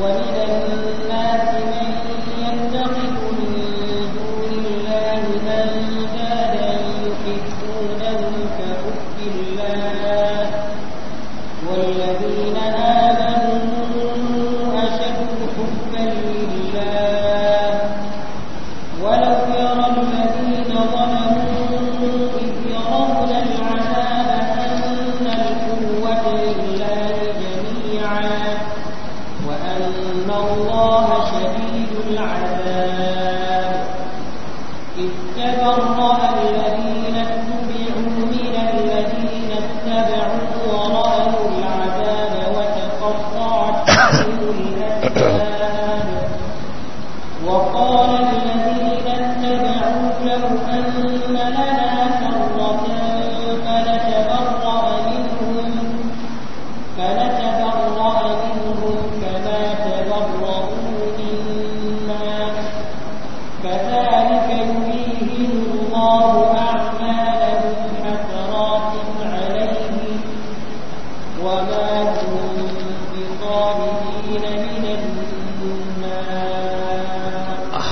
ومن الناس من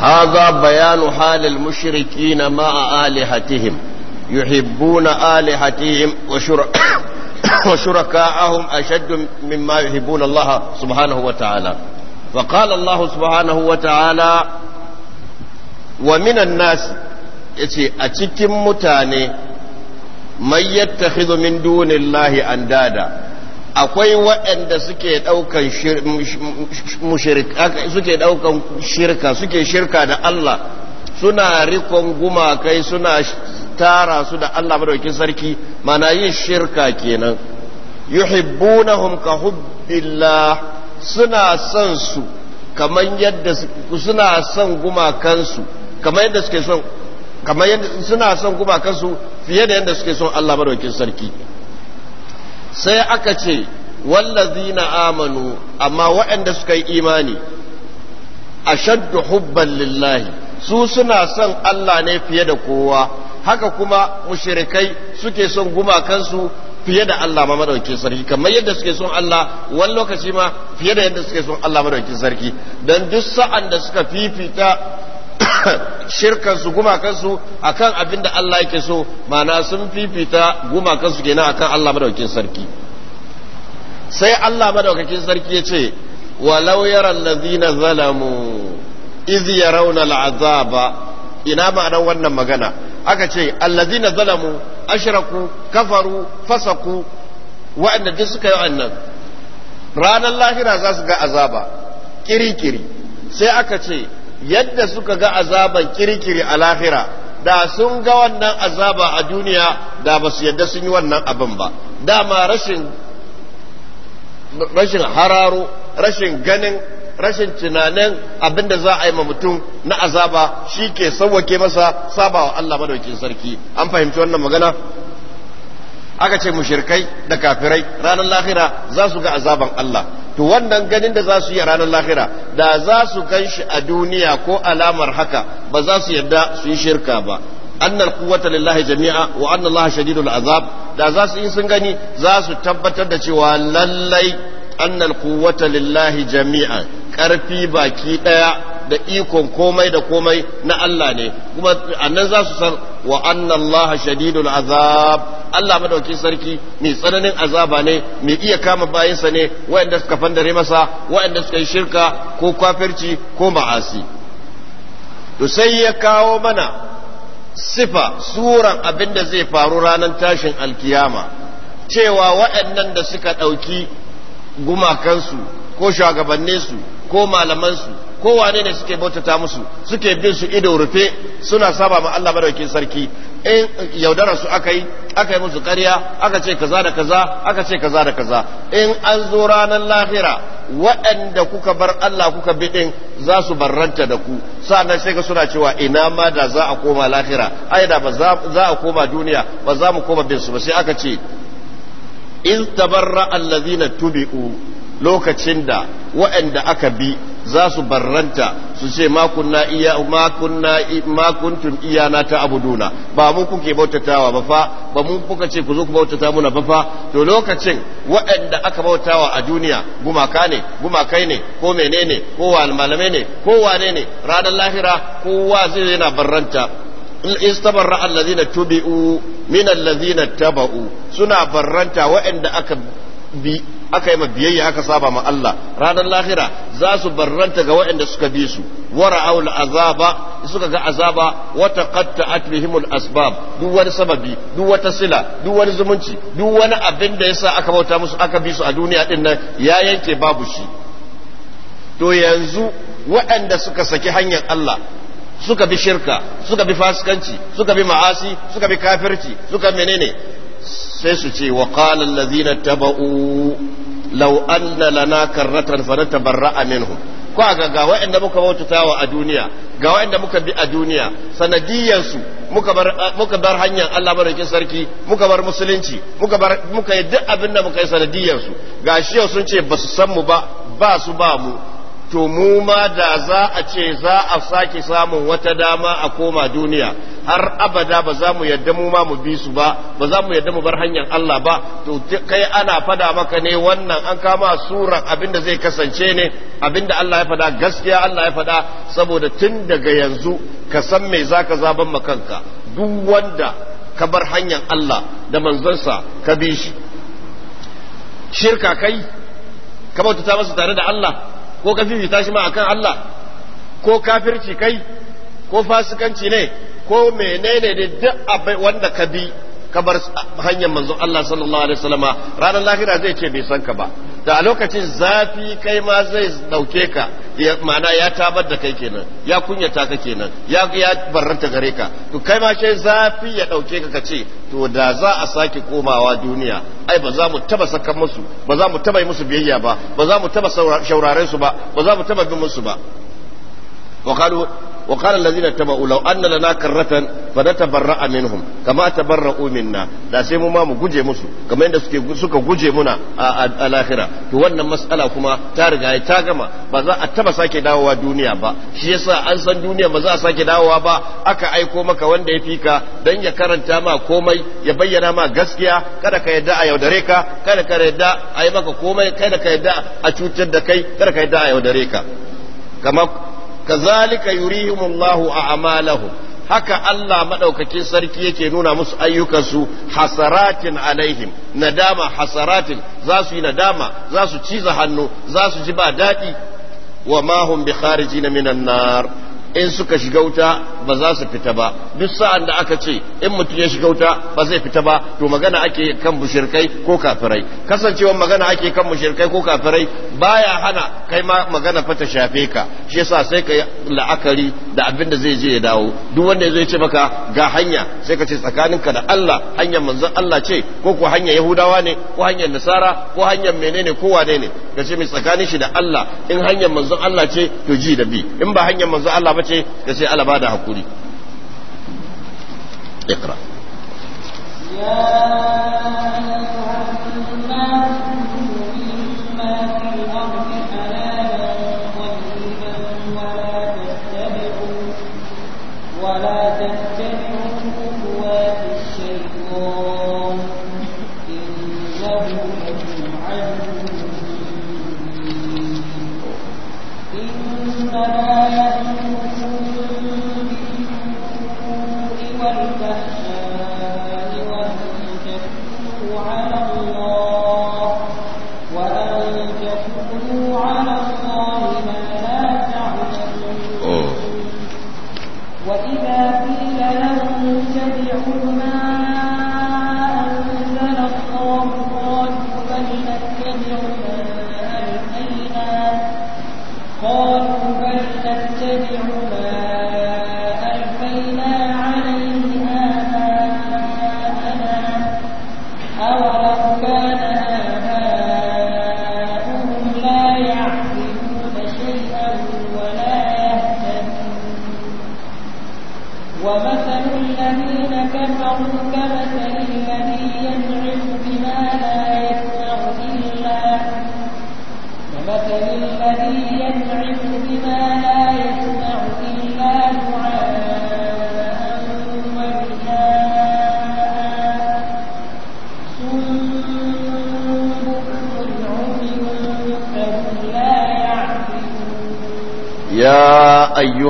هذا بيان حال المشركين مع آلهتهم يحبون آلهتهم وشر... وشركاءهم أشد مما يحبون الله سبحانه وتعالى فقال الله سبحانه وتعالى ومن الناس yace a cikin mutane mai yattakhidhu min dunillahi andada akwai waɗanda suke ɗaukan suke ɗaukan shirka suke shirka da Allah suna rikon gumakai suna tara su da Allah madaukin sarki mana yin shirka kenan yuhibbunahum ka hubbillah suna son su kamar yadda suna son gumakansu kamar yadda suke son kamar yadda suna son gumakansu fiye da yadda suke son Allah madaukin sarki sai aka ce wallazi na amanu amma waɗanda suka yi imani a ashaddu hubban lillahi su suna son Allah ne fiye da kowa haka kuma mushirikai suke son gumakansu fiye da Allah ma madauki sarki kamar yadda suke son Allah wani lokaci ma fiye da yadda suke son Allah madauki sarki dan duk sa'an da suka fifita akan shirkansu gumakansu akan abin da Allah yake so mana sun fifita gumakansu kenan akan Allah madaukakin sarki sai Allah madaukakin sarki ya ce walau yara allazina zalamu iz yarawna al'azaba ina ma'anar wannan magana aka ce allazina zalamu ashraku kafaru fasaku wa'anda duk suka yi wannan ranar lahira za su ga azaba kiri-kiri sai aka ce yadda suka ga azaban kirkiri a lahira da sun ga wannan azaba a duniya da ba su yadda sun yi wannan abin ba dama rashin rashin hararo rashin ganin rashin tunanin abin da za a yi ma mutum na azaba shi ke sauwake masa sabawa Allah madaukin sarki an fahimci wannan magana aka ce mushirkai da kafirai ranar lahira za su ga azaban Allah to wannan ganin da za su yi a ranar lahira da za su gan shi a duniya ko alamar haka ba za su yarda su yi shirka ba annal quwwata lillahi jami'a wa anna allaha shadidul azab da za su yi sun gani za su tabbatar da cewa lallai annal quwwata lillahi jami'a karfi baki daya da ikon komai da komai na Allah ne kuma annan za su san wa anna Allah shadidul azab Allah madauki sarki mai tsananin azaba ne mai iya kama bayansa ne waɗanda suka fandare masa waɗanda suka yi shirka ko kafirci ko ma'asi to sai ya kawo mana sifa suran abin da zai faru ranar tashin alkiyama cewa waɗannan da suka ɗauki gumakansu ko shugabanninsu ko malamansu ko wane ne suke bautata musu suke bin su ido rufe suna saba ma Allah madaukakin sarki in yaudara su aka yi aka yi musu ƙarya aka ce kaza da kaza aka ce kaza da kaza in an zo ranar lahira waɗanda kuka bar Allah kuka bi din za su barranta da ku sa'annan sai ga suna cewa ina ma da za a koma lahira ai da ba za a koma duniya ba za mu koma bin su ba sai aka ce in tabarra allazina tubi'u lokacin da waɗanda aka bi za su barranta su ce makunna iya makunna makuntum iyana ta abuduna ba mu kuke bautatawa ba fa ba mu kuka ce ku zo ku bautata muna ba fa to lokacin waɗanda aka bautawa a duniya gumaka ne gumakai ne ko menene ko malamai ne ko wane ne ranar lahira kowa zai yana barranta istabarra allazina tubi'u min allazina taba'u suna barranta waɗanda aka bi aka yi biyayya aka saba ma Allah ranar lahira za su barranta ga waɗanda suka bi su wara'au azaba suka ga azaba wata qatta'at bihimul asbab duk wani sababi duk wata sila duk wani zumunci duk wani abin da yasa aka bauta musu aka bi su a duniya din nan ya yanke babu shi to yanzu waɗanda suka saki hanyar Allah suka bi shirka suka bi fasikanci suka bi ma'asi suka bi kafirci suka menene sai su ce wa qala allazina taba'u law anna lana karratan fanatabarra'a minhum ko ga ga wa'anda muka bautatawa a duniya ga waanda muka bi a duniya sanadiyan su muka bar muka bar hanyar Allah barake sarki muka bar musulunci muka bar muka yi duk abin da muka yi sanadiyyar su shi yau sun ce basu san mu ba ba su ba mu to mu ma da za a ce za a sake samun wata dama a koma duniya har abada ba za mu yadda mu ma mu bi su ba ba za mu yadda mu bar hanyar Allah ba to kai ana fada maka ne wannan an kama suran abinda zai kasance ne abinda Allah ya fada gaskiya Allah ya fada saboda tun daga yanzu ka san me zaka zaban ma kanka duk wanda ka bar hanyar Allah da manzonsa ka bi shi shirka kai ka bauta masa tare da Allah ko ka fifita shi ma akan Allah ko kafirci kai ko fasikanci ne ko menene da duk abai wanda ka bi ka bar hanyar manzo Allah sallallahu alaihi wasallama ranar lahira zai ce bai san ka ba da lokacin zafi kai ma zai dauke ka ma'ana ya tabar da kai kenan ya kunyata ka kenan ya ya barranta gare ka to kai ma sai zafi ya dauke ka kace to da za a sake komawa duniya ai ba za mu taba sakan musu ba za mu taba yi musu biyayya ba ba za mu taba shauraren su ba ba za mu taba bin musu ba wa وقال الذين اتبعوا لو أن لنا كرة فنتبرأ منهم كما تبرأوا منا da sai mu ma mu guje musu kamar yadda suke suka guje muna a lahira to wannan mas'ala kuma ta riga ta gama ba za a taba sake dawowa duniya ba shi yasa an san duniya ba za a sake dawowa ba aka aiko maka wanda ya fika dan ya karanta ma komai ya bayyana ma gaskiya kada ka yadda a yaudare ka kada ka yadda a yi maka komai kada ka yadda a cutar da kai kada ka yadda a yaudare ka kama kazalika yurihimullahu amalahu haka Allah maɗaukakin sarki yake nuna musu ayyukansu hasaratin alaihim nadama hasaratin za su yi nadama za su ciza hannu za su ji ba daɗi wa mahun hum bi kharijin minan nar in suka shiga wuta ba za su fita ba duk sa'an da aka ce in mutum ya shiga wuta ba zai fita ba to magana ake kan bushirkai ko kafirai kasancewar magana ake kan bushirkai ko kafirai baya hana kai ma magana fata shafe ka shi yasa sai ka la'akari da abin da zai je ya dawo duk wanda zai ce maka ga hanya sai ka ce tsakaninka da Allah hanyar manzon Allah ce ko ko hanyar Yahudawa ne ko hanyar Nasara ko hanyar menene ko wane ne ka ce mai tsakanin shi da Allah in hanyar manzon Allah ce to ji da bi in ba hanyar manzon Allah ba ce da sai Allah bada hakuri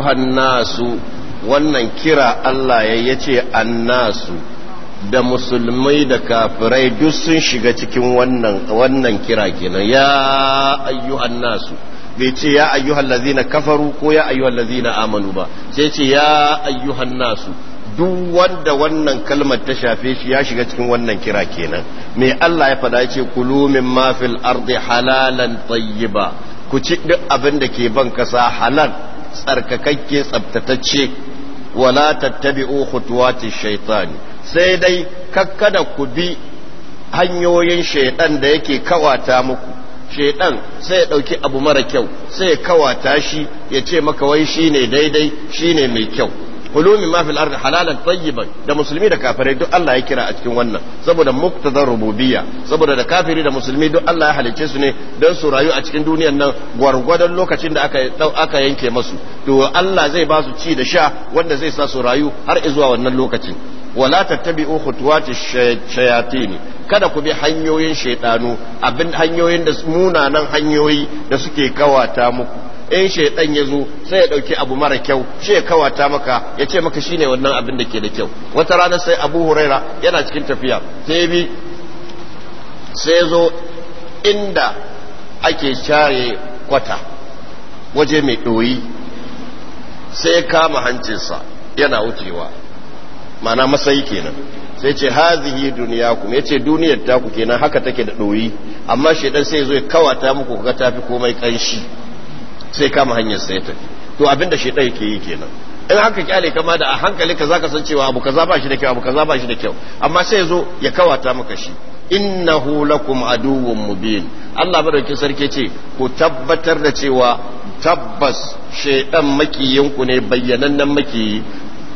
ayyuhan nasu wannan kira Allah ya yace annasu da musulmai da kafirai duk sun shiga cikin wannan kira kenan ya ayyuhan nasu bai ce ya ayyuhan lazina kafaru ko ya ayyuhan lazina amanu ba sai ce ya ayyuhan nasu duk wanda wannan kalmar ta shafe shi ya shiga cikin wannan kira kenan mai Allah ya fada ce kulu min ma fil ardi halalan tayyiba ku ci duk abin da ke ban kasa halal tsarkakakke tsabtatacce wala tattabi'u khutuwati shaytan sai dai kakkada ku bi hanyoyin shaiɗan da yake kawata muku shaiɗan sai ya ɗauki abu mara kyau sai ya kawata shi ya ce maka wai shine daidai shine mai kyau kulumi ma fil ardi halalan tayyiban da musulmi da kafirai duk Allah ya kira a cikin wannan saboda muktazar rububiyya saboda da kafiri da musulmi duk Allah ya halicce su ne don su rayu a cikin duniyar nan gwargwadon lokacin da aka aka yanke masu to Allah zai ba su ci da sha wanda zai sa su rayu har zuwa wannan lokacin wala tattabi'u khutuwati shayatin kada ku bi hanyoyin shaytanu abin hanyoyin da munanan hanyoyi da suke kawata muku in shaidan ya zo sai ya dauki abu mara kyau shi ya kawata maka ya ce maka shine wannan abin da ke da kyau wata rana sai abu huraira yana cikin tafiya sai bi sai zo inda ake share kwata waje mai ɗoyi sai kama hancinsa yana wucewa mana masayi kenan sai ce hazihi duniya ku ya ce duniyar taku kenan haka take da ɗoyi amma shaidan sai zo ya kawata muku ga tafi komai ƙanshi sai kama hanyar sai tafi to abinda shaitan yake yi kenan in haka kyale kama da a hankali ka zaka san cewa abu kaza ba shi da kyau abu kaza ba shi da kyau amma sai zo ya kawata maka shi innahu lakum aduwwun mubin Allah madaukin sarki ce ku tabbatar da cewa tabbas makiyin makiyinku ne bayyanannen makiyi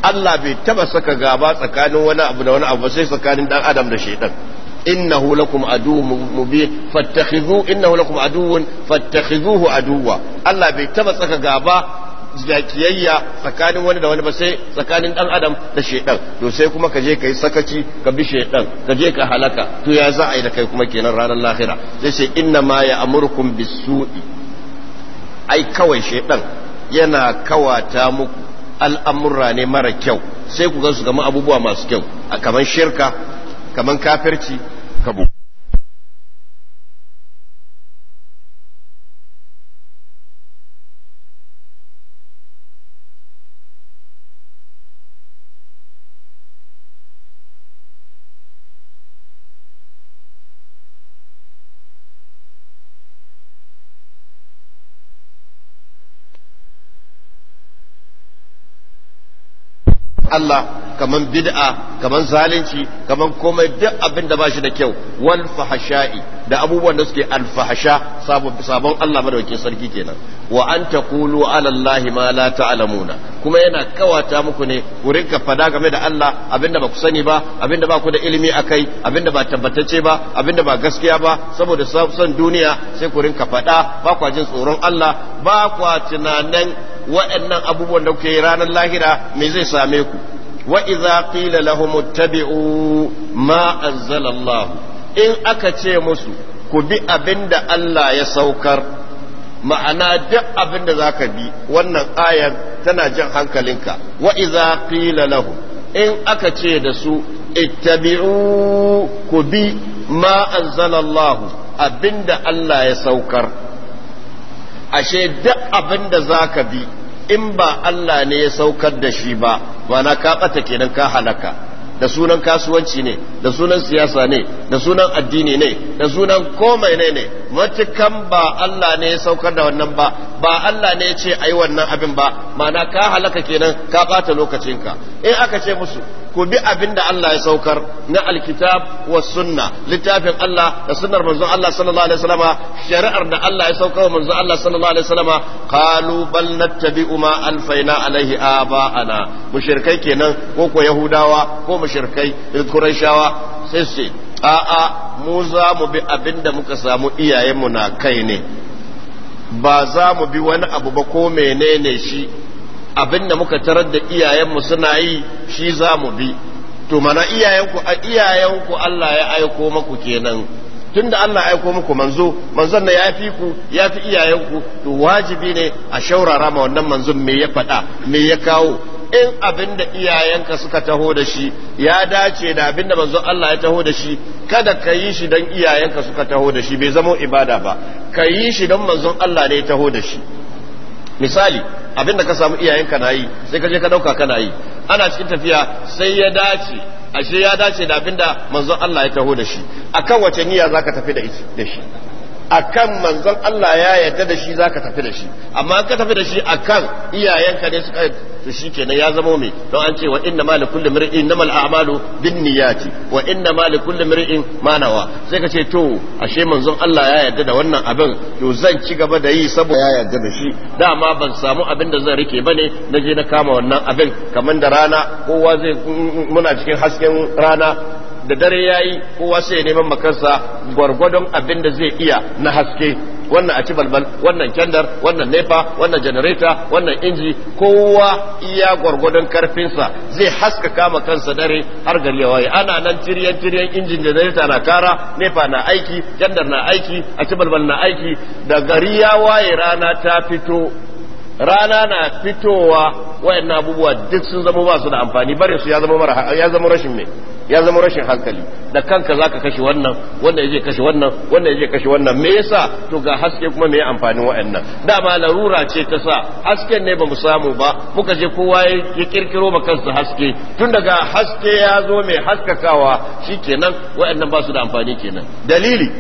Allah bai taba saka gaba tsakanin wani abu da wani abu sai tsakanin dan adam da shaydan innahu lakum aduwwun mubin fattakhidhu innahu lakum aduwwun fattakhizuhu aduwwa Allah bai taba tsaka gaba kiyayya tsakanin wani da wani ba sai tsakanin dan adam da shedan to sai kuma ka je kai sakaci ka bi shedan ka je ka halaka to ya za a yi da kai kuma kenan ranar lahira sai ce inna ma ya amurkum bisu'i ai kawai shedan yana kawata muku al'amura ne mara kyau sai ku gan su gama abubuwa masu kyau A kamar shirka kaman kafirci kabu Allah kaman bid'a kaman zalunci kaman komai duk abin da bashi da kyau wal fahasha'i da abubuwan da suke alfahasha sabon sabon Allah madaukakin sarki kenan wa an taqulu ala Allah ma la ta'lamuna kuma yana kawata muku ne ku rinka fada game da Allah abinda ba ku sani ba abinda ba ku da ilimi akai abinda ba tabbatacce ba abinda ba gaskiya ba saboda son duniya sai ku rinka fada ba ku jin tsoron Allah ba ku tunanin waɗannan abubuwan da kuke ranar lahira me zai same ku wa idza qila lahum ittabi'u in aka ce musu ku bi abinda Allah ya saukar ma'ana duk abinda zaka bi wannan ayar tana jin hankalinka wa idza qila in aka ce da su ittabi'u ku bi ma anzala abinda Allah ya saukar ashe duk abinda zaka bi in ba Allah ne ya saukar da shi ba mana ka bata kenan ka halaka da sunan kasuwanci ne da sunan siyasa ne da sunan addini ne da sunan komai ne ne matukan ba Allah ne ya saukar da wannan ba ba Allah ne ya ce ai wannan abin ba mana ka halaka kenan ka bata lokacinka in aka ce musu ku bi abin da Allah ya saukar na alkitab wa sunna littafin Allah da sunnar manzon Allah sallallahu alaihi wasallama shari'ar da Allah ya saukar wa manzon Allah sallallahu alaihi wasallama qalu bal nattabi'u ma alfaina alaihi aba'ana mushrikai kenan ko ko yahudawa ko mushrikai quraishawa sai a'a mu za mu bi abin da muka samu iyayenmu na kai ne ba za mu bi wani abu ba ko menene shi Abin da muka tarar da iyayenmu suna yi shi za mu bi to mana iyayenku a iyayenku Allah ya aiko maku kenan tunda Allah ya aiko muku manzo manzon na ya fi ku ya fi iyayenku to wajibi ne a shaurara ma wannan manzon me ya faɗa me ya kawo in abin da iyayenka suka taho da shi ya dace da abin da manzon Allah ya taho da shi kada ka yi shi don iyayenka suka taho da shi bai zama ibada ba ka yi shi don manzon Allah ne ya taho da shi misali abin da ka samu iyayenka na yi sai ka je ka dauka kana yi ana cikin tafiya sai ya dace ashe ya dace da abin da manzon Allah ya taho da shi akan wace niyya zaka tafi da shi akan manzon Allah ya yarda da shi zaka tafi da shi amma ka tafi da shi akan iyayenka ne suka to shikenan ya zama me don an ce wa inna ma likulli mar'in innamal a'malu binniyati wa inna ma likulli mar'in ma nawa sai ka ce to ashe manzon Allah ya yarda da wannan abin to zan ci gaba da yi saboda ya yarda da shi dama ban samu abin da zan rike bane na je na kama wannan abin kamar da rana kowa zai muna cikin hasken rana da dare ya yi kowa sai ya neman makarsa gwargwadon abin da zai iya na haske wannan a ci wannan kyandar wannan nefa wannan janareta wannan inji kowa iya gwargwadon karfinsa zai haskaka ma kansa dare har gari ya waye ana nan tiriyan tiriyan injin janareta na kara nefa na aiki kyandar na aiki a ci balbal na aiki da gari ya waye rana ta fito rana na fitowa wayannan abubuwa duk sun zama ba su da amfani bare su ya zama rashin mai ya zama rashin hankali da kanka zaka kashe wannan wanda yaje kashe wannan wanda yaje kashe wannan me yasa to ga haske kuma me amfanin da ma larura ce ta sa hasken ne bamu samu ba muka je kowa ya kirkiro ba kansa haske tun daga haske ya zo mai haskakawa shikenan wa'annan ba su da amfani kenan dalili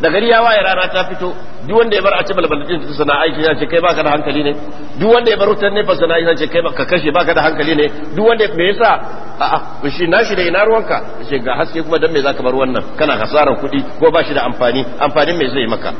da gari ya waye rana ta fito duk wanda ya bar a ci balbalin su sana aiki ya ce kai baka da hankali ne duk wanda ya bar ne ba sana aiki ya ce kai baka kashe baka da hankali ne duk wanda me yasa a'a shi shi da ina ruwanka ce ga haske kuma dan me zaka bar wannan kana hasaran kuɗi ko ba shi da amfani amfanin me zai maka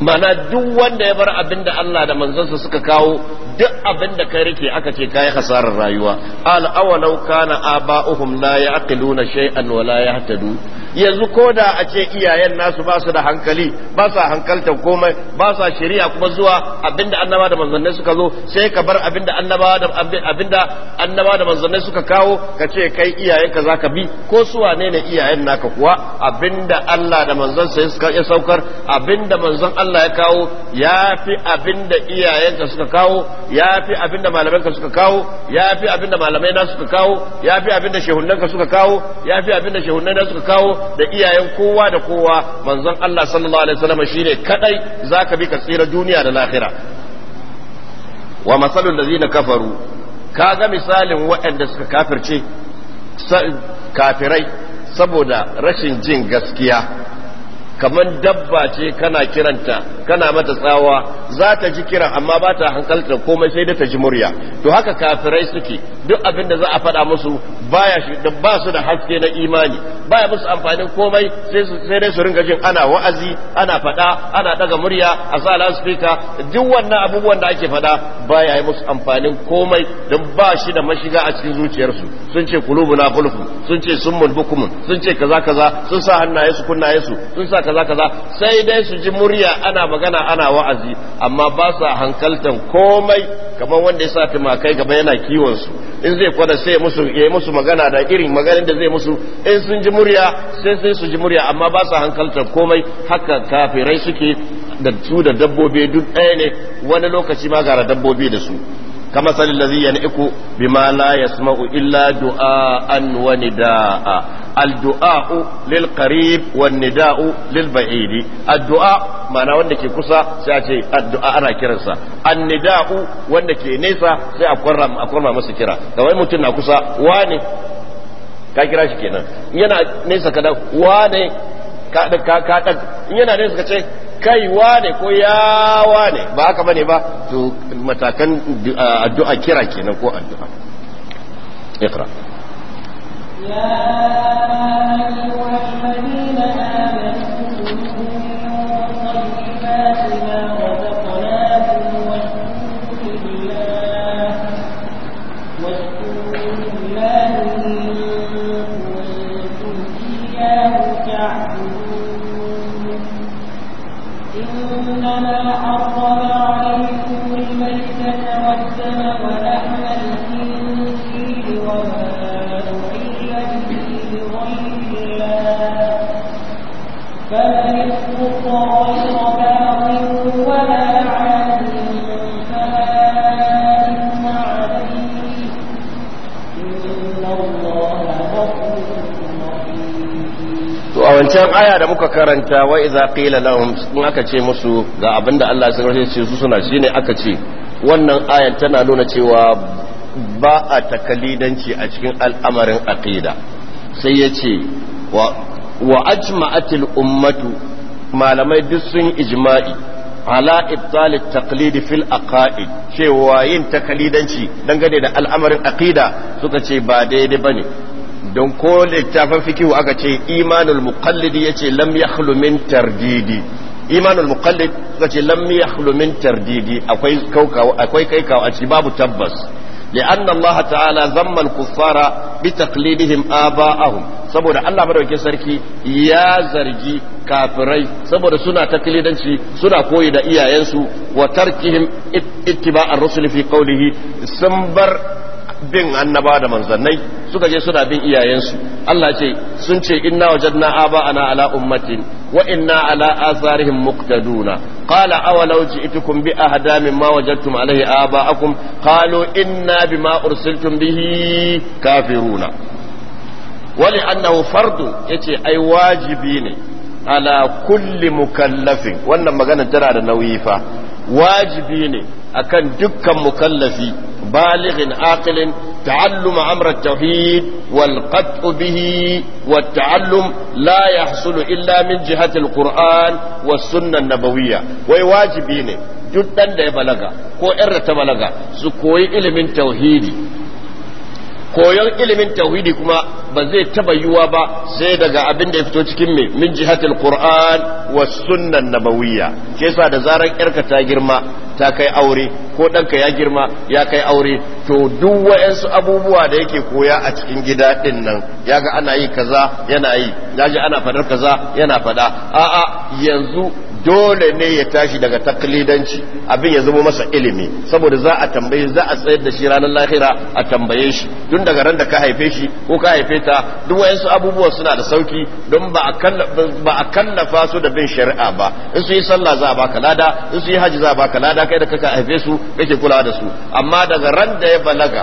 mana duk wanda ya bar abin da Allah da manzansa suka kawo duk abin da kai rike aka ce kai hasarar rayuwa al awalau kana aba'uhum la ya'qiluna shay'an wa la yahtadun yanzu ko da a ce iyayen nasu ba su da hankali ba sa hankalta komai ba sa shari'a kuma zuwa abinda annaba da manzannai suka zo sai ka bar abinda annaba da abinda annaba da manzannai suka kawo ka ce kai iyayen ka zaka bi ko su wane ne iyayen naka kuwa abinda Allah da manzon sai suka ya saukar abinda manzon Allah ya kawo yafi abinda iyayen ka suka kawo yafi abinda malaman ka suka kawo yafi abinda malamai na suka kawo yafi abinda shehunnan ka suka kawo yafi abinda shehunnan na suka kawo da iyayen kowa da kowa manzon Allah sallallahu alaihi wasallam shine kadai zaka bi ka tsira duniya da lahira wa masalul ladina kafaru ga misalin waɗanda suka kafirce kafirai saboda rashin jin gaskiya kamar dabba ce kana kiranta kana mata tsawa za ta ji kira amma ba ta hankalta komai sai da ta ji murya to haka kafirai suke duk abin da za a faɗa musu baya shi da ba su da haske na imani baya musu amfanin komai sai su sai dai su ringa jin ana wa'azi ana faɗa ana daga murya a sa loudspeaker duk wannan abubuwan da ake faɗa baya yi musu amfanin komai don ba shi da mashiga a cikin zuciyarsu sun ce kulubuna kulfu sun ce summun bukumun sun ce kaza kaza sun sa hannaye su kunnaye su sun sa kaza kaza sai dai su ji murya ana magana ana wa'azi amma ba su hankaltan komai kamar wanda ya sa tumakai gaba yana kiwon su in zai kwada sai musu ya musu magana da irin maganin da zai musu in sun ji murya sai sai su ji murya amma ba su hankaltan komai haka kafirai suke da su da dabbobi duk ɗaya ne wani lokaci ma gara dabbobi da su Ka salin lazi ya ni'iku bima la yasma'u illa du'a'an wa nida'a addu'a'u lil qarib wan nida'u lil ba'idi addu'a mana wanda ke kusa sai a ce addu'a ana kiransa annida'u wanda ke nesa sai a kwarra kira mutum na kusa ka kira shi kenan yana nesa kada wane ka ka ka yana nesa ka ce kai wane ko ya wane ba haka bane ba to matakan addu'a kira kenan ko addu'a iqra ya ayyuhal ladina amanu wancan aya da muka karanta wa iza qila lahum in aka ce musu ga abinda Allah ya sanar ce su suna shine aka ce wannan ayan tana nuna cewa ba a takalidanci a cikin al'amarin aqida sai yace wa wa ajma'atil ummatu malamai duk sun ijma'i ala ibtalit taqlid fil aqaid cewa yin takalidanci dangane da al'amarin aqida suka ce ba daidai bane don ko littafin fikihu aka ce imanul muqallidi yace lam yakhlu min tardidi imanul muqallid yace lam yakhlu min tardidi akwai kaukawa akwai kaikawa a cikin babu tabbas لأن الله تعالى ذم الكفار بتقليدهم آباءهم saboda Allah madaukakin sarki ya zargi kafirai saboda suna taklidanci suna koyi da iyayensu wa tarkihim ittiba'ar rusul fi qawlihi sun bar bin annaba da manzannai suka je suna bin iyayensu Allah ce sun ce inna wajadna aba'ana ala ummatin wa inna ala asarihim muqtaduna qala awalau ji'tukum bi ahda mimma wajadtum alayhi aba'akum qalu inna bima ursiltum bihi kafiruna wali annahu fardu yace ai wajibi ne ala kulli mukallafin wannan magana tana da nauyi fa wajibi ne akan dukkan mukallafi بالغ عاقل تعلم أمر التوحيد والقطع به والتعلم لا يحصل إلا من جهة القرآن والسنة النبوية وواجبين جدا da balaga ko ‘yar ta balaga su koyi ilimin tauhidi koyon ilimin tauhidi kuma ba zai taba yiwa ba sai daga abin da ya fito cikin mai min jihatil qur'an wa sunnan nabawiyya ke da zaran yarka ta girma ta kai aure ko ɗanka ya girma ya kai aure to duk wa'yansu abubuwa da yake koya a cikin gida ɗin nan ya ga ana yi kaza yana yi ya ji ana faɗar kaza yana faɗa a'a yanzu dole ne ya tashi daga taklidanci abin ya zama masa ilimi saboda za a tambaye za a tsayar da shi ranar lahira a tambaye shi tun daga ran da ka haife shi ko ka haife ta duk wayansu abubuwa suna da sauki don ba a kallafa su da bin shari'a ba in su yi sallah za a baka lada in su yi haji za a baka lada kai da kaka haife su kake kula da su amma daga ran da ya balaga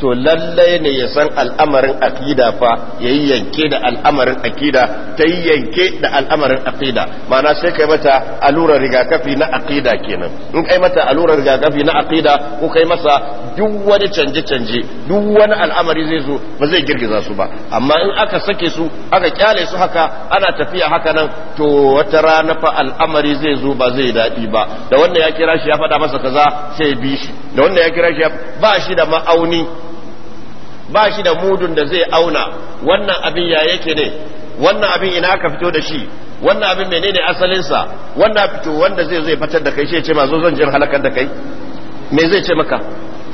to lallai ne ya san al'amarin aqida fa yayi yanke da al'amarin aqida ta yi yanke da al'amarin aqida ma'ana sai kai mata alura rigakafi na aqida kenan in kai mata alurar rigakafi na aqida ko kai masa duk wani canje canje duk wani al'amari zai zo ba zai girgiza su ba amma in aka sake su aka kyale su haka ana tafiya haka nan to wata rana fa al'amari zai zo ba zai daɗi ba da wanda ya kira shi ya faɗa masa kaza sai bi shi da wanda ya kira shi ba shi da ma'auni ba shi da mudun da zai auna wannan abin ya yake ne wannan abin ina aka fito da shi wannan abin menene asalinsa wannan fito wanda zai zai fitar da kai shi ya ce ma zo zan jin halakar da kai me zai ce maka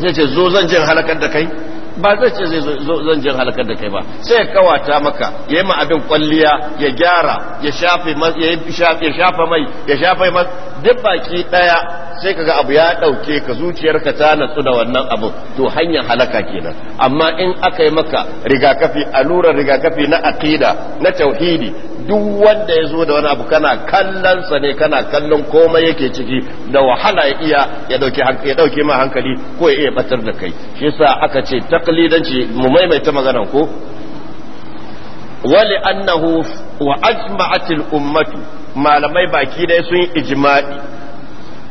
zai ce zo zan jin halakar da kai ba zai ce zai zan jin halakar da kai ba sai ya kawata maka ya yi ma abin kwalliya ya gyara ya shafe ya shafa mai ya shafe mai duk baki daya sai kaga abu ya dauke ka zuciyarka ta natsu da wannan abu to hanyar halaka kenan amma in aka yi maka rigakafi allurar rigakafi na aqida na tauhidi duk wanda ya zo da wani abu kana kallon sa ne kana kallon komai yake ciki da wahala ya iya ya dauke ma hankali ko ya iya batar da kai shi yasa aka ce taklidanci mu maimaita maganar ko wali annahu wa ajma'atil ummatu malamai baki dai sun ijma'i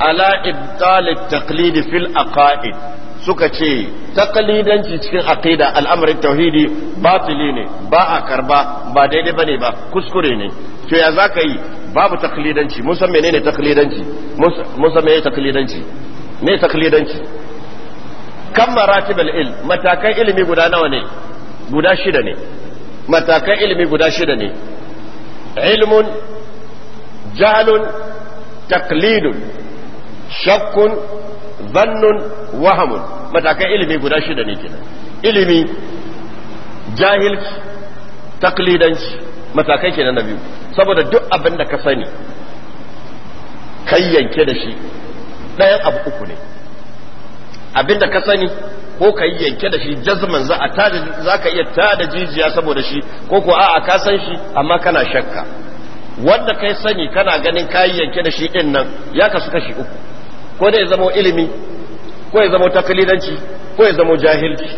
ala ibtal at-taqlid fil aqaid suka ce takalidanci cikin aqida al'amarin tauhidi batili ne ba a karba ba daidai bane ba kuskure ne to ya zaka yi babu takalidanci mun san menene takalidanci mun san menene takalidanci me takalidanci kan maratibal ilm matakan ilimi guda nawa ne guda shida ne matakan ilimi guda shida ne ilmun jahlun taklidun shakkun zannun wahamun matakan ilimi guda shida ne kenan ilimi jahilci taklidanci matakai kenan na biyu saboda duk abin da ka sani kayyanke da shi ɗayan abu uku ne abin da ka sani ko ka yanke da shi jazman za a tada za ka iya tada jijiya saboda shi ko ko a'a ka san shi amma kana shakka wanda kai sani kana ganin kayi yanke da shi din nan ya kasu kashi uku ko da ya zamo ilimi ko ya zamo takalidanci ko ya zamo jahilci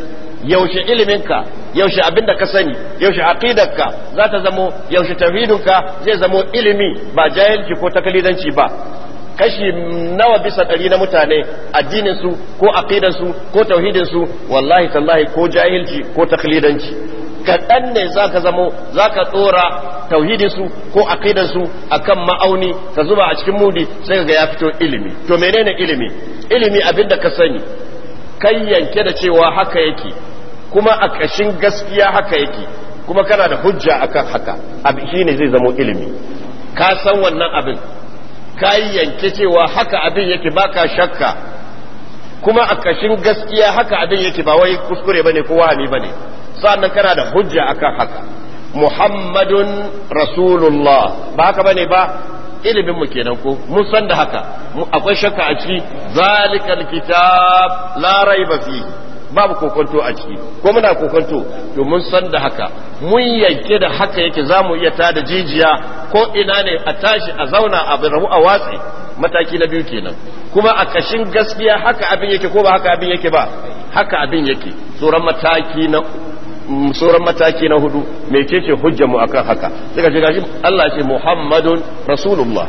yaushe iliminka yaushe abin da ka sani yaushe aqidarka za ta zamo yaushe tawhidinka zai zamo ilimi ba jahilci ko takalidanci ba kashi nawa bisa ɗari na mutane addinin su ko su ko tauhidin su wallahi tallahi ko jahilci ko taklidanci kaɗan ne za ka zamo za ka tsora tauhidin su ko aqidan su akan ma'auni ka zuba a cikin mudi sai ga ya fito ilimi to menene ilimi ilimi abinda ka sani kai yanke da cewa haka yake kuma a ƙashin gaskiya haka yake kuma kana da hujja akan haka abin shine zai zamo ilimi ka san wannan abin kai yanke cewa haka abin yake baka shakka kuma a ƙashin gaskiya haka abin yake ba wai kuskure bane ko wahami bane sannan kana da hujja akan haka muhammadun rasulullah ba haka bane ba ilimin kenan ko mun san da haka akwai shakka a ciki zalikal kitab la raiba fi babu kokonto a ciki ko muna kokonto to mun san da haka mun yanke da haka yake zamu iya tada jijiya ko ina ne a tashi a zauna a rabu a watsi mataki na biyu kenan kuma a kashin gaskiya haka abin yake ko ba haka abin yake ba haka abin yake tsoron mataki na sauran mataki na hudu mecece hujjamu mu akan haka daga ce gashi Allah ce Muhammadun Rasulullah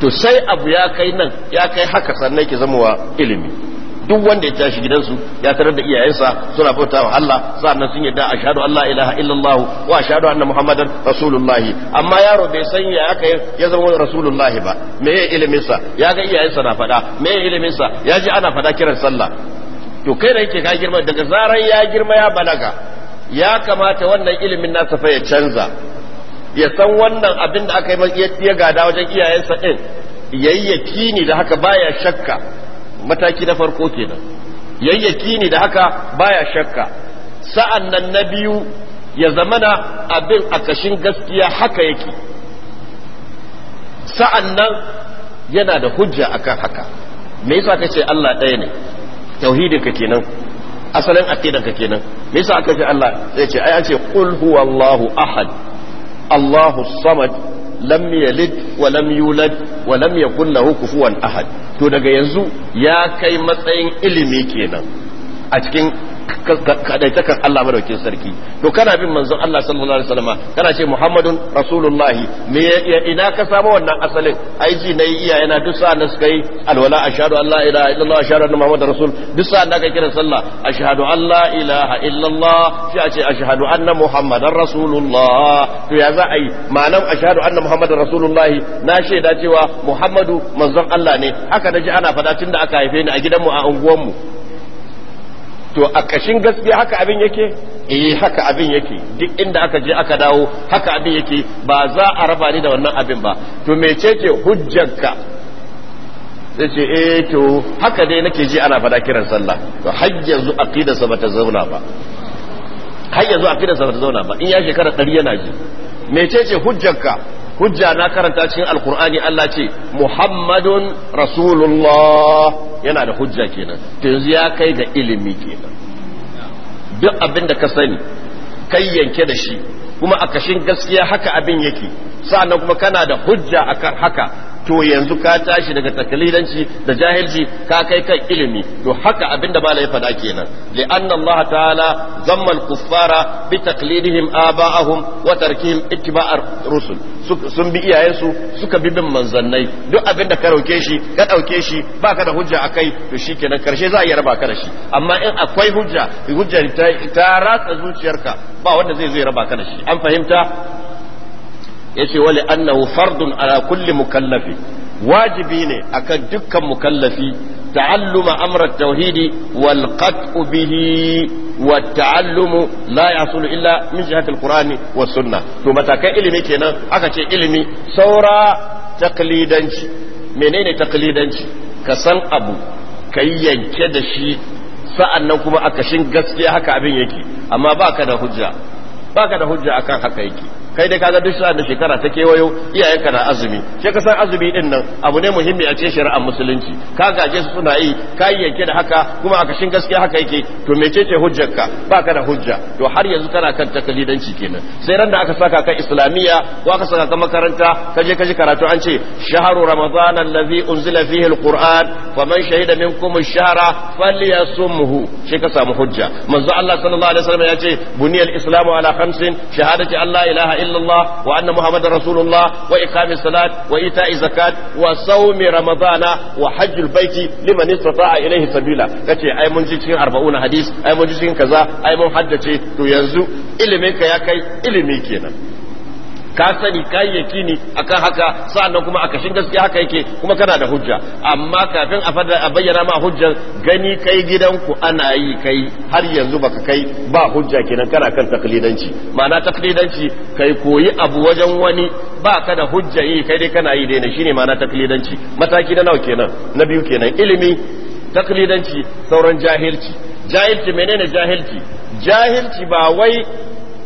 to sai abu ya kai nan ya kai haka sannan ke zama wa ilimi duk wanda ya tashi gidansu ya tarar da iyayensa suna bauta wa Allah sannan sun yadda a shaɗu Allah ilaha illallah wa shaɗu anna muhammadan rasulullahi amma yaro bai san ya aka ya zama rasulullahi ba me ilimin sa ya ga iyayensa na faɗa me ilimin sa ya ji ana faɗa kiran sallah to kai da yake ka girma daga zarar ya girma ya balaga ya kamata wannan ilimin nasa fa ya canza ya san wannan abin da aka yi ya gada wajen iyayensa ɗin yayyaki ne da haka baya shakka mataki na farko kenan yayyaki ne da haka baya shakka sa'an nan na biyu ya zamana abin a kashin gaskiya haka yake sa'an nan yana da hujja akan haka me yasa kace Allah ɗaya ne tauhidin ka kenan asalin aqidan ka kenan me yasa aka ce Allah zai ce ai an ce qul huwallahu ahad Allahu samad lam yalid wa lam yulad wa lam yakul lahu kufuwan ahad to daga yanzu ya kai matsayin ilimi kenan a cikin kadaitakan Allah madaukin sarki to kana bin manzon Allah sallallahu alaihi wasallam kana ce Muhammadun Rasulullahi me ina ka samu wannan asalin ai ji nayi iyaye na duk sa na suka yi alwala ashhadu an la ilaha illallah ashhadu anna muhammadar rasul duk sa na ka kira sallah ashhadu an la ilaha illallah Shi a ce ashhadu anna muhammadar rasulullah to ya za a yi ma'anar ashhadu anna muhammadar rasulullahi na shaida cewa Muhammadu manzon Allah ne haka da ji ana fada tun da aka haife ni a gidanmu a unguwanmu to a ƙashin gaskiya haka abin yake eh haka abin yake duk inda aka je aka dawo haka abin yake ba za a raba ni da wannan abin ba to mecece hujjarka zai ce eh to haka dai nake ji ana fada kiran sallah to har yanzu aqidarsa bata zauna ba har yanzu aqidarsa bata zauna ba in ya shekara 100 yana ji mecece hujjarka hujja na karanta cikin alkur'ani Allah ce muhammadun rasulullah yana da hujja kenan to yanzu ya kai ga ilimi kenan duk abin da ka sani kai yanke da shi kuma a kashin gaskiya haka abin yake sa'annan kuma kana da hujja akan haka to yanzu ka tashi daga takalidanci da jahilci ka kai kan ilimi to haka abinda bala ya faɗa kenan li'anna Allah ta'ala zamma al-kuffara bi taqlidihim aba'ahum wa tarkihim ittiba'ar rusul sun bi iyayensu suka bi bin manzannai duk abinda ka rauke shi ka dauke shi baka da hujja akai to shikenan karshe za a yi raba ka da shi amma in akwai hujja hujja ta ratsa zuciyarka ba wanda zai zai raba ka da shi an fahimta yace wali annahu fardun ala kulli mukallafi wajibi ne akan dukkan mukallafi ta'alluma amra tauhidi wal qat'u wa ta'allumu la yasulu illa min jihati alqur'ani was sunnah to matakan ilimi kenan aka ce ilimi saura taqlidanci menene taklidanci ka san abu kai yanke da shi sa'an nan kuma akashin gaskiya haka abin yake amma baka da hujja da hujja akan haka yake kai dai kaga duk sa'an da shekara ta kewayo iyayenka na azumi sai ka san azumi din nan abu ne muhimmi a cikin shari'ar musulunci ka gaje su suna yi ka yanke da haka kuma a shin gaskiya haka yake to mecece hujjarka baka da hujja to har yanzu kana kan takalidanci kenan sai ran da aka saka ka islamiyya ko aka saka ka makaranta ka je ka ji karatu an ce shahru ramadan allazi unzila fihi alquran faman shahida minkum ash-shahra falyasumhu shi ka samu hujja manzo Allah sallallahu alaihi wasallam ya ce buniyal islamu ala khamsin shahadati alla ilaha إلا الله وأن محمد رسول الله وإقام الصلاة وإيتاء الزكاة وصوم رمضان وحج البيت لمن استطاع إليه سبيلا kace ai mun ji cikin 40 hadis ai mun ji cikin kaza ai mun haddace to yanzu ilimin ka ya kai ilimi kenan ka sani ka yi yakini akan haka sa'annan kuma a kashin gaskiya haka yake kuma kana da hujja amma kafin a bayyana ma hujjar gani kai gidanku ana yi kai har yanzu baka kai ba hujja kenan kana kan taklidanci ma'ana taklidanci kai koyi abu wajen wani ba ka da hujja yi kai dai kana yi daina shine ma'ana taklidanci mataki na nawa kenan na biyu kenan ilimi taklidanci sauran jahilci jahilci menene jahilci jahilci ba wai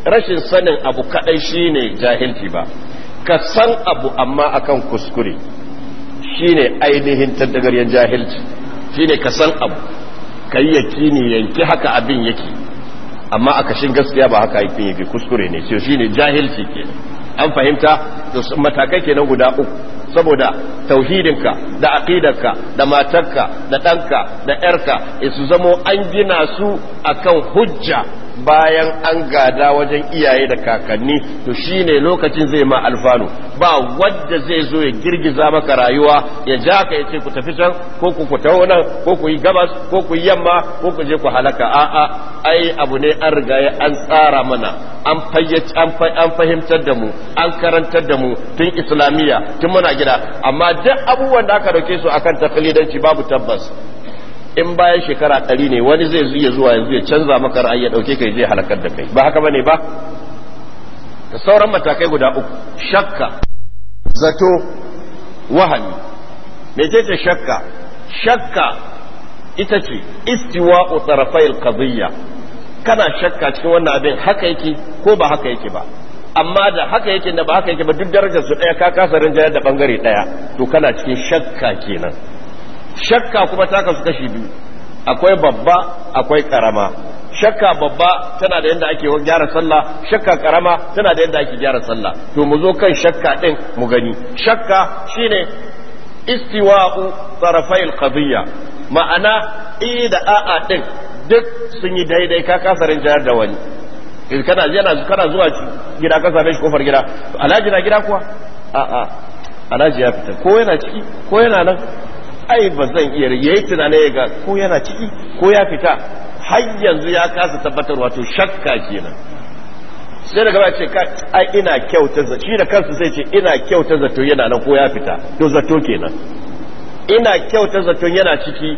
rashin sanin abu kadai shine jahilci ba ka san abu amma akan kuskure shine ainihin tattagaryen jahilci shine ka san abu ka yi yakini yanki haka abin yake amma a kashin gaskiya ba haka yakin yake kuskure ne sai shine jahilci ke an fahimta da matakai kenan guda uku saboda tauhidinka da aqidarka da matarka da ɗanka da ‘yarka eh, su zamo an gina su akan hujja bayan an gada wajen iyaye da kakanni to shine lokacin zai ma alfanu ba wadda zai zo ya girgiza maka rayuwa ya ja ka ya ce ku tafi can ko ku ku nan ko ku yi gabas ko ku yi yamma ko ku je ku halaka a'a ai abu ne an riga an tsara mana an fahimtar da mu an karantar da mu tun islamiyya tun muna gida amma duk abubuwan da aka dauke su akan taqlidanci babu tabbas in bayan shekara ɗari ne wani zai zuya zuwa yanzu ya canza maka ra'ayi ya dauke kai zai halakar da kai ba haka bane ba da sauran matakai guda uku shakka zato wahani mecece shakka shakka ita ce Istiwa tarafai al kana shakka cikin wannan abin haka yake ko ba haka yake ba amma da haka yake da ba haka yake ba duk darajar su daya ka kasa rinjayar da bangare daya to kana cikin shakka kenan shakka kuma ta kasu kashi biyu akwai babba akwai karama shakka babba tana da yadda ake gyara sallah shakka karama tana da yadda ake gyara sallah to mu zo kan shakka din mu gani shakka shine istiwa'u tarafai alqadiyya ma'ana i da a'a din duk sun yi daidai ka kasa rinjayar da wani Eh, kana yana kana zuwa gida ka same shi kofar gida alhaji na gida kuwa a a alhaji ya fita ko yana ciki ko yana nan ai ba zan iya yayi tunanin ga ko yana ciki ko ya fita har yanzu ya kasa tabbatarwa to shakka kenan sai daga ba ce ai ina kyauta zato shi da kansa sai ce ina kyauta zato yana nan ko ya fita to zato kenan ina kyauta zato yana ciki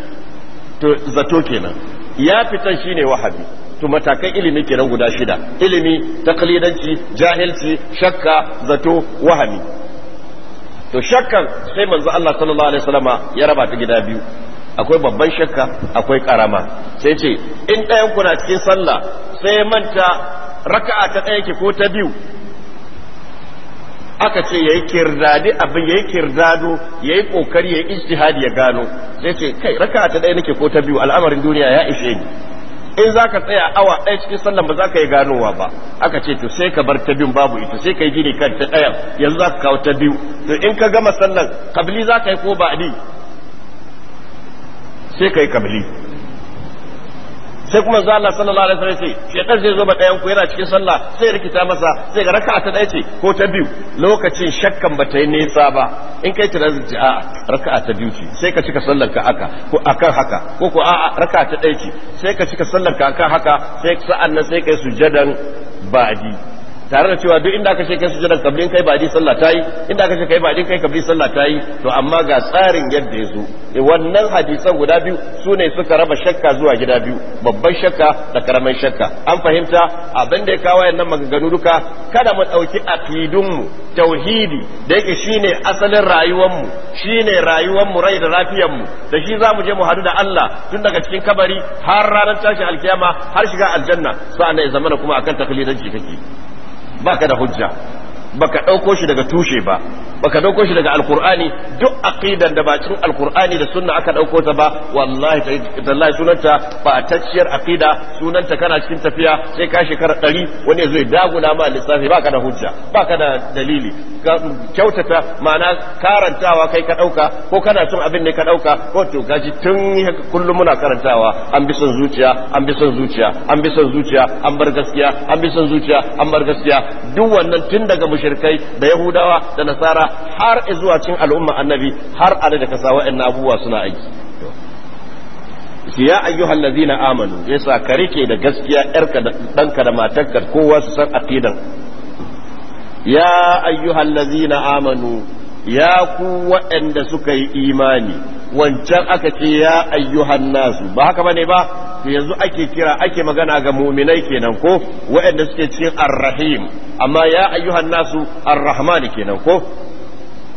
to zato kenan ya fitan shine wahabi to matakan ilimi kenan guda shida ilimi taqlidanci jahilci shakka zato wahami to shakkan sai manzo Allah sallallahu alaihi wasallama ya raba ta gida biyu akwai babban shakka akwai karama sai ce in ɗayan na cikin sallah sai manta raka'a ta ɗaya ko ta biyu aka ce yayi kirdadi abin yayi kirdado yayi kokari yayi ijtihadi ya gano sai ce kai raka'a ta ɗaya nake ko ta biyu al'amarin duniya ya ishe ni in za ka tsaya awa ɗaya cikin sallan ba za ka yi ganowa ba aka ce to sai ka bar ta biyun babu ita sai ka yi gini kan ta ɗaya yanzu za ka kawo ta biyu to in ka gama sallan kabili za ka yi ko ba'adi sai ka yi kabili sai kuma zuwa Allah sallallahu alaihi wasallam sai shekar zai zo ba ku yana cikin sallah sai rikita masa sai ga raka'a ta ɗaya ce ko ta biyu lokacin shakkan ba ta yi nesa ba in kai tunanin zuci a raka'a ta biyu ce sai ka cika sallar ka aka ko akan haka ko ko a'a raka'a ta ɗaya ce sai ka cika sallar ka akan haka sai sa'an sai kai sujadan ba'di tare da cewa duk inda aka ce kai sujada kablin kai ba baji sallah tayi inda aka ce kai baji kai sallah tayi to amma ga tsarin yadda ya zo e, wannan hadisan guda biyu su ne suka raba shakka zuwa gida biyu babban shakka da karamin shakka an fahimta abin da ya kawo yannan maganganu duka kada mu ɗauki aqidunmu tauhidi da yake shine asalin rayuwarmu shine rayuwarmu rai da lafiyarmu da shi za mu je mu hadu da Allah tun daga cikin kabari har ranar tashi alkiyama har shiga aljanna sa'an ya zamana kuma akan taklidanci kake ka da hujja baka ɗauko shi daga tushe ba baka ɗauko shi daga alkur'ani duk aqidan da bacin alkur'ani da sunna aka ɗauko ta ba wallahi tallahi sunanta ba tacciyar aqida sunanta kana cikin tafiya sai ka shekara ɗari wani zai dagula ma lissafi baka da hujja baka da dalili kyautata ma'ana karantawa kai ka ɗauka ko kana cin abin ne ka ɗauka ko to gaji tun kullum muna karantawa an bi son zuciya an bi son zuciya an bi son zuciya an bar gaskiya an bi son zuciya an bar gaskiya duk wannan tun daga mushirkai da yahudawa da nasara har zuwa cin al'umma annabi har a da kasa wa'in abubuwa suna aiki ya ayyuhal ladzina amanu yasa ka rike da gaskiya yarka da danka da matarka kowa su san aqidan ya ayyuhal ladzina amanu ya ku waɗanda suka yi imani wancan aka ce ya ayyuhan nasu ba haka bane ba to yanzu ake kira ake magana ga muminai kenan ko waɗanda suke cikin arrahim amma ya ayyuhan nasu arrahman kenan ko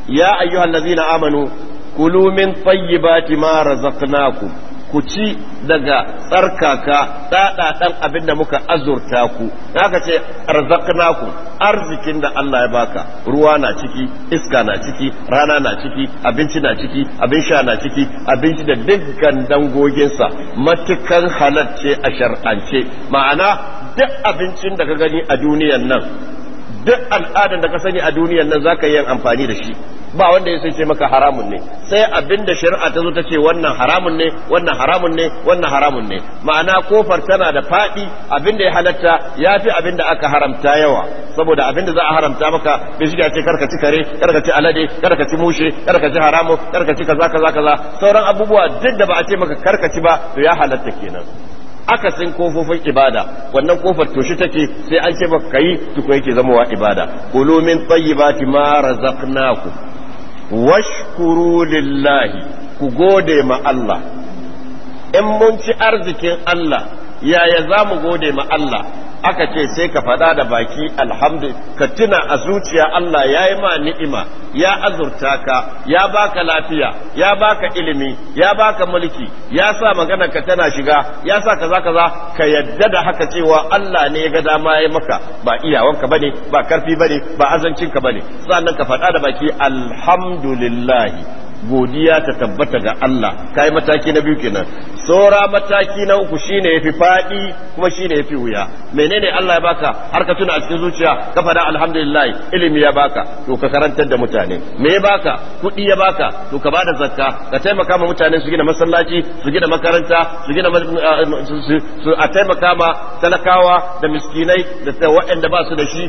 ya ayyuhan lazina amanu kulu min tayyibati ma razaqnakum ku ci daga tsarkaka ɗaɗaɗan abin da muka azurta ku haka ce arzaknaku arzikin da Allah ya baka ruwa na ciki iska na ciki rana na ciki abinci na ciki abin sha na ciki abinci da dukkan dangoginsa matukan halarce a shar'ance ma'ana duk abincin da ka gani a duniyan nan duk al'adar da ka sani a duniyar nan zaka yi amfani da shi ba wanda ya ce maka haramun ne sai abinda shari'a ta zo ta ce wannan haramun ne wannan haramun ne wannan haramun ne ma'ana kofar tana da faɗi abin da ya halatta ya fi abin da aka haramta yawa saboda abin da za a haramta maka bai shiga ce karka ci kare karka ci alade karka ci mushe karka ci haramun karka ci kaza kaza kaza sauran abubuwa duk da ba a ce maka karka ci ba to ya halatta kenan akasin kofofin ibada wannan kofar to shi take sai an ce baka yi tuko yake wa ibada kulu min tayyibati ma razaqnaku washkuru lillahi ku gode ma Allah in mun ci arzikin Allah yaya za mu gode ma Allah aka ce sai ka faɗa da baki alhamdu ka tuna a zuciya Allah ya yi ma ni'ima ya azurta ka ya baka lafiya ya baka ilimi ya baka mulki ya sa magana ka tana shiga ya sa kaza kaza ka yadda da haka cewa Allah ne ya ga dama ya maka ba iyawanka bane ba karfi bane ba azancin ka bane sannan ka faɗa da baki lillahi. godiya ta tabbata ga Allah kai mataki na biyu kenan saura mataki na uku shine yafi fadi kuma shine yafi wuya menene Allah ya baka har ka tuna a cikin zuciya ka fada alhamdulillah ilimi ya baka to ka karantar da mutane me ya baka kuɗi ya baka to ka bada zakka ka taimaka ma mutane su gina masallaci su gina makaranta su gina eh, su a taimaka ma talakawa da miskinai da waɗanda ba su da shi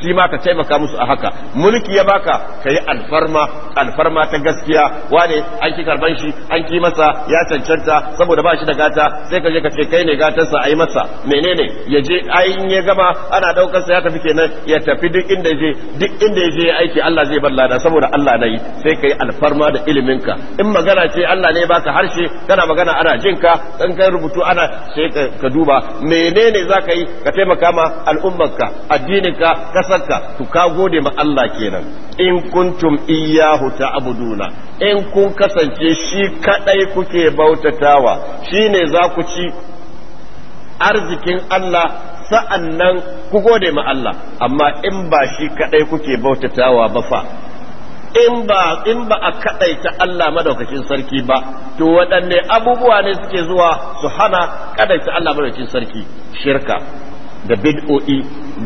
shi ma ka taimaka musu a haka mulki ya baka ka yi alfarma alfarma ta gaskiya gaskiya wane an ki karban shi an ki masa ya cancanta saboda ba shi da gata sai ka je ka ce kai ne gatarsa a yi masa menene ya je ayin ya gama ana daukar sa ya tafi kenan ya tafi duk inda je duk inda ya je aiki Allah zai bar lada saboda Allah nayi sai kai alfarma da ilimin ka in magana ce Allah ne baka harshe kana magana ana jin ka dan kai rubutu ana sai ka duba menene zaka yi ka taimaka ma al'ummarka addininka kasarka to ka gode ma Allah kenan in kuntum iyyahu ta'buduna in kun kasance shi kadai kuke bautatawa shi ne za ku ci arzikin Allah sa'an nan ku gode ma Allah amma in ba shi kadai kuke bautatawa ba fa in ba in ba a kadaita Allah madaukakin sarki ba to waɗanne abubuwa ne suke zuwa su hana kadaita Allah madaukakin sarki shirka da bid'o'i